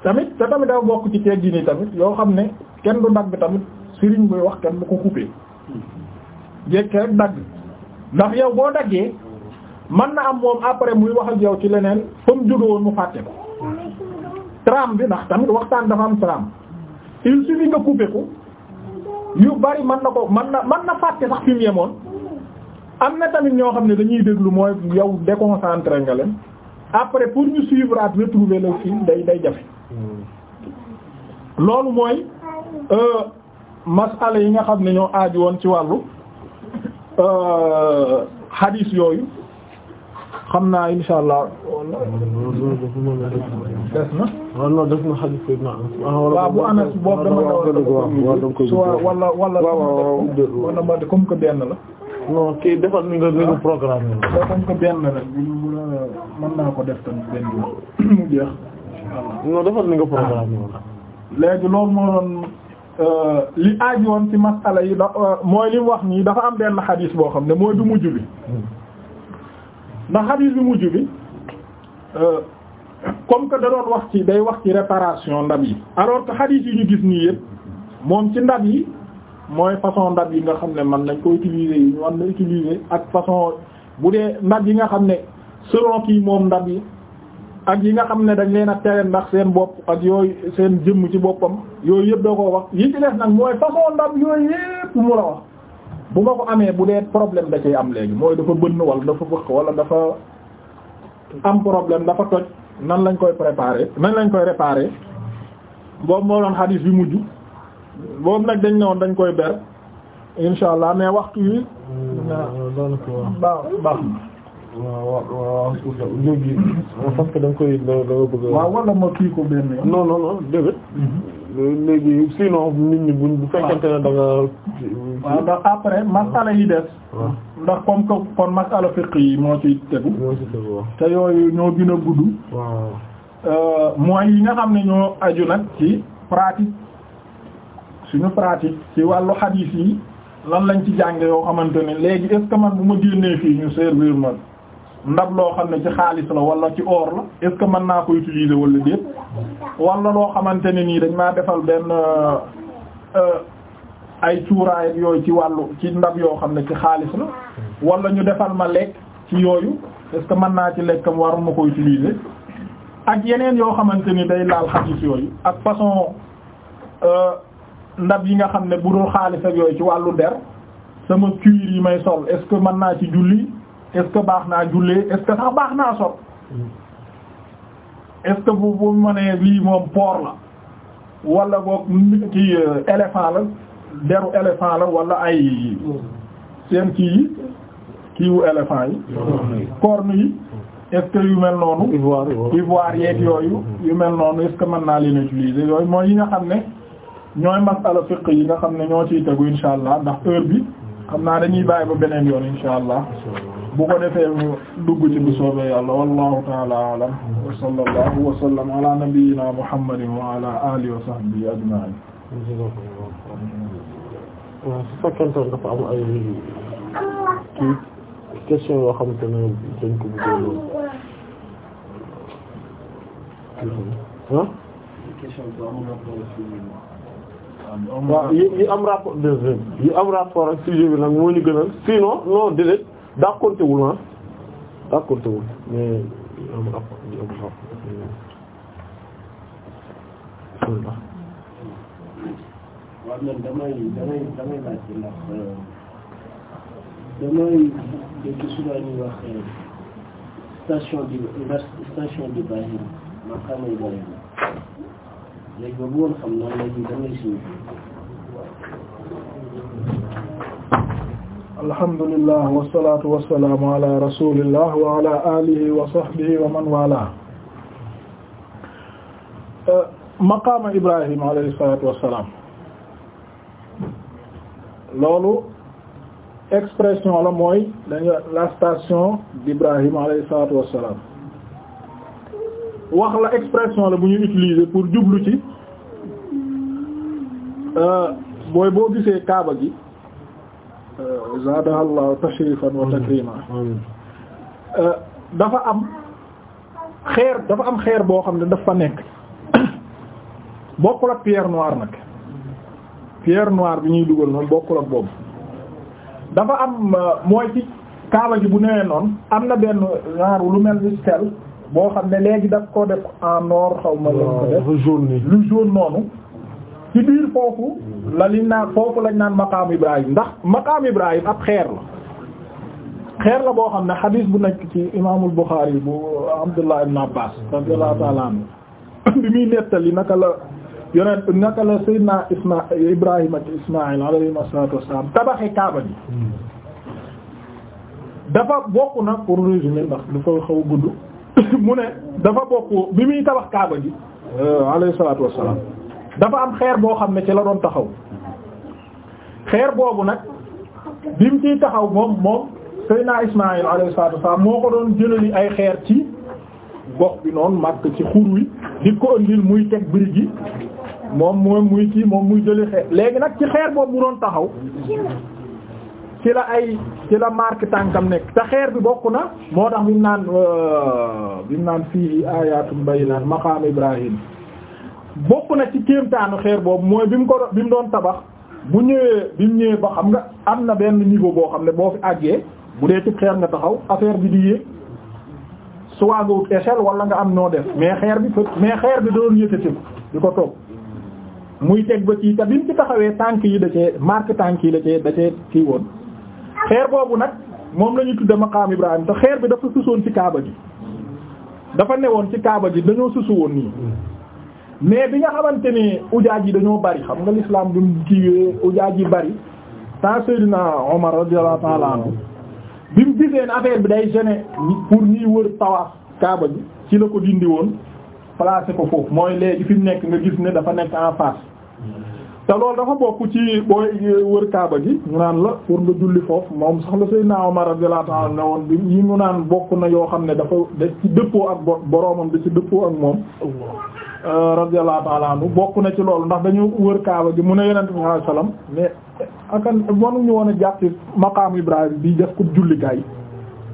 tamit te tamit dafa bokk ci teggi nii tamit yoo xam ne kenn du dagg tamit Serigne buy wax kenn du ko couper jekke rek dagg ndax yow boo daggee man na am moom après muy wax ak yow ci leneen fa mu jóge mu fàtte ko trame bi ndax tamit waxtaan dafa am trame il suffit nga couper yu bari mën na ko man na man na fàtte sax fi mu yemoon am na tamit ñoo xam ne dañuy déglu mooy yow déconcentré nga leen après pour ñu suivre at retrouver le film day day jafe loolu mooy euh, masala yi nga xam ne ñoo aaju woon ci wàllu euh, hadis yooyu xam naa insha allah des na wala des na xadis bi na waaw bu anas boobu dama daw wala wala wala ma comme que benn la non kii defal ni programme la comme mën naa ko def tamit benn mu jeex defal ni nga programme léegi loolu moo doon euh, li aaj woon ci masala yi da euh, mooy li wax nii dafa am benn xadis boo xam ne mooy du mujj bi hmm. ndax xadiis bi mujj bi euh, comme que da doon wax ci day wax ci réparation ndab yi alors que xadiis yi ñu gis nii yëpp moom ci ndab yi mooy façon ndab yi nga xam ne man nañ ko utiliser yi ñu war na ak façon bu dee ndab yi nga xam ne selon kii moom ndab yi ak yi nga xam ne dañ leen a tere ndax seen bopp ak yooyu seen jëmm ci boppam yooyu yëpp doo ko wax yi ci des nag mooy façon ndab yooyu yëpp mu la wax bu nga ko amee bu dee problème da cay am léegi mooy dafa bënn wala dafa bëq wala dafa am problème dafa toj nan lañ koy préparer nan lañ koy réparer boobu moo doon xadiis bi mujj boobu nag dañ ne woon dañ koy ber insha allah mais waxtu yi baax baax waaw waaw léegi waaw wala ma kii ko benn non non non dëgg léegi sinon nit ñi buñ bu fekkente ne da nga. waaw ndax après masala yi des. ndax comme kon masala fiqh yi moo ci tegu. moo ci te yooyu ñoo gën a gudd. waaw. Euh, mooy yi nga xam ne ñoo aju nag ci pratique suñu pratique ci wàllu hadith yi lan lañ ci jànge yoo xamante ne léegi est ce que man bu ma génnee fii ñu servir man. ndab loo xam ne ci xaalis la wala ci or la est-ce que mën naa ko utiliser wala déet wala loo xamante ne nii dañ maa defal benn euh, ay cuuraay yooyu ci wàllu ci ndab yoo xam ne ci xaalis la wala ñu defal ma lekk ci yooyu est-ce que mën naa ci lekkam war ma ko utiliser ak yeneen yoo xamante ni day laal xaalis yooyu ak façon euh, ndab yi nga xam ne bu dul xaalis ak yooyu ci wàllu der sama cuir yi may sol est-ce que mën naa ci julli est-ce que baax naa jullee est-ce que baax naa sol est-ce que bu bu ma lii moom porc la wala boog ci euh, éléphant la deru éléphant la wala ay seen kii yi kiiwu éléphant yi corne yi est-ce que yu mel noonu ivoire yeeg yooyu yu mel noonu est-ce que mën naa leen utiliser yooyu mooy yi nga xam ne ñooy masala fiqh yi nga xam ne ñoo ciy tegu insha allah ndax heure bi xam naa dañuy bàyyi ba beneen yoon insha allah bu ko defee mu dugg ci bu soobee yàlla wallahu taala alam wa sallallahu wa sallam ala nabiyyina muhammadin wa ala alihi wa sahbihi ajma'in waaw su fekkentoon dafa am ay kii question yoo xam te ne dañ ko bëggee loolu ah waaw yi yi am rapport de yi am rapport ak sujet bi nag moo ñu gënal sinon non déedéet dàqontewul ah dàqontewul mais amul ab di amul ab bismillah waaw man damay damay damay laaj ndax euh, damay dégg souvent ñuy wax euh, station di station di bàyyi ma xamay bari léegi ba bu woon xam naa léegi damay suñu alhamdulillah wasalaatu wasalaamu ala rasulillah wa ala alihi wa sahbihi wa man wala eh, maqaama ibrahim alayhi salatu wasalaam loolu expression la mooy dañu la station d'Ibrahim alayhi salatu wax la expression la bu ñu utiliser pour jublu ci booy eh, boo gisee kaaba gi Uh, zaadaha llahu tashrifan wa uh, dafa am xeer dafa am xeer boo xam ne daf fa nekk bokkul ak pierre noire nag pierre noire bi ñuy dugal noonu bokkul ak boobu dafa am uh, mooy ci kaaba ji bu newee noonu am na benn genre lu mel ni stèle boo xam ne léegi daf ko def en or xaw ma lañ ko def lu jaune noonu ci biir foofu la liñ naan foofu lañ naan maqaam Ibrahim ndax maqaam Ibrahim ab xeer la xeer la boo xam ne xadiis bu nekk ci imaamul Buxaari bu Abdullah ibn Abbas radiyallahu ta'ala anhu bi muy nettali naka la yonent naka la Seydina Isma Ibrahima ak Ismaïl alayhi salaatu wassalaam tabaxe Kaaba bi dafa bokk nag pour résumer ndax dafa xaw a gudd mu ne dafa bokk bi muy tabax Kaaba bi euh, alayhi salaatu wassalaam dafa am xeer boo xam ne ci la doon taxaw xeer boobu nag bi mu ciy taxaw moom moom Seydina Ismaïl alayhi salaatu wasallam moo ko doon jëlali ay xeer ci gox bi noonu màkk ci xur wi di ko ëndil muy teg birig yi moom moom muy kii moom muy jëli xeer léegi nag ci xeer boobu mu doon taxaw ci la ay ci la marque tànkam nekk te xeer bi bokk na moo tax bi mu naan euh, bi mu naan fii ayatum bayyinaat maqaam Ibrahim bokk na ci taanu xeer boobu mooy bi mu ko bi mu doon tabax bu ñëwee bi mu ñëwee ba xam nga am na benn niveau boo xam ne boo fi àggee bu dee ci xeer nga taxaw affaire bi di yéeg soit nga wala nga am noo def mais xeer bi mais xeer bi doon yëkkati di ko toog muy teg ba ci te bi mu ci taxawee tànk yi da cee tànk yi da cee da kii woon xeer boobu nag moom la ñuy tudde maqaam Ibrahim te xeer bi dafa susoon ci kaaba ji dafa newoon ci kaaba gi dañoo susu woon nii mais bi nga xamante ne ujaaj yi dañoo bari xam nga lislaam l'islam duñ kiiwee ujaaj yi bari ta Seydina Omar radiyallahu ta'ala anhu bi mu gisee ne affaire bi day gêner pour ñuy wër tawaaf kaaba bi ci la ko dindi woon placé ko foofu mooy léegi fi nekk nga gis ne dafa nekk en face te loolu dafa bokk ci booy wër kaaba ji ñu naan la pour nga julli foofu moom sax la Seydina Omar radiyallahu ta'ala ne woon bi yi mu naan bokk na yoo xam ne dafa da ci dëppoo ak boromam da ci dëppoo ak moom Euh, radiyallahu ta'ala bokk na ci loolu ndax dañu wër kaaba gi mu ne yonent bi sallallahu mais akan mënuñu woon a jàppi maqaam Ibrahim bi def ko jullikaay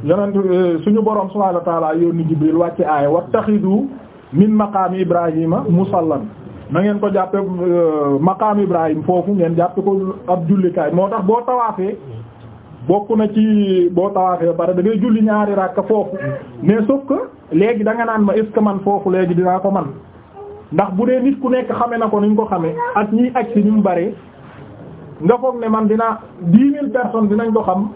yonent euh, suñu borom subhanahu wa ta'ala yónni Jibril wàcce aaya wattaxidu min maqaam Ibrahima musallan na ngeen ko jàppe euh, maqaam Ibrahim foofu ngeen jàppe ko ab jullikaay moo tax boo tawaafee bokk na ci boo tawaafee bare da ngay julli ñaari rakka foofu mais sauf léegi da nga naan ma est man foofu léegi dinaa ko man ndax bu dee nit ku nekk xame na ko ni ñu ko xamee ak ñiy aj si ni mu bëree nga foog ne man dinaa dix mille personnes dinañ ko xam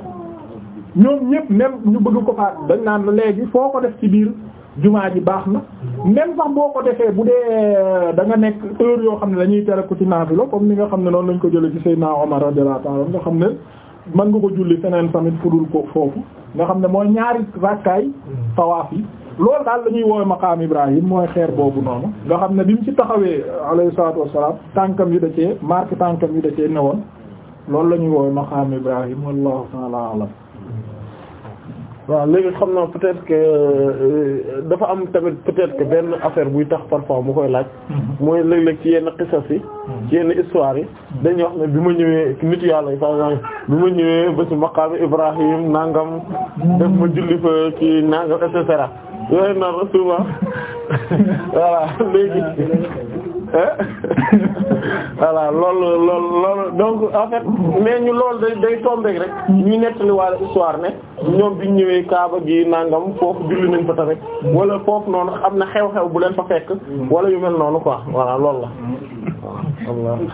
ñoom ñëpp même ñu bëgg ko fa dañ naan la léegi foo ko def ci biir jumaa ji baax na même sax boo ko defee bu dee euh, da nga nekk heure yoo xam ne lañuy tere ku ci naafila comme ni nga xam ne noonu lañ ko jëlee ci naa Omar radiyallahu ta'ala nga xam ne mën nga ko julli feneen tamit fudul ko foofu nga xam ne mooy ñaari rakkaay tawaaf yi loolu daal la ñuy woowe maqaam Ibrahim mooy xeer boobu noonu nga xam ne bi mu ci taxawee alayhi salaatu wassalaam tànkam yu da cee marqué tànkam yu da cee newoon loolu la ñuy woowe maqaam Ibrahim wallahu ta'ala a'lam waaw léegi xam naa peut-être que euh, dafa am tamit peut-être benn affaire buy tax parfois mu koy laaj mm-hmm. mooy léeg-léeg ci yenn xisas yi mm-hmm. ci yenn histoire yi dañuy wax ne bi ma ñëwee nit yàlla yi par exemple bi ma ñëwee ba ci maqaam Ibrahim nangam mm-hmm. def ma julli yooyu nar souvent voilà léegi voilà loolu loolu loolu donc en fait ñu loolu day day tombeek rek ñuy nettali waale histoire ne ñoom biñ ñëwee Kaaba gi nangam foofu julli nañ fa tamit wala foofu noonu am na xew-xew bu leen fa fekk wala yu mel noonu ko voilà loolu la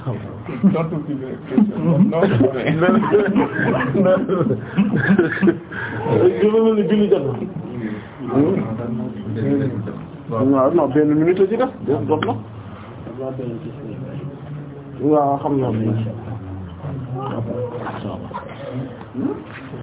julli jot waaw non benn minute la ci def def dot na waaw xam naa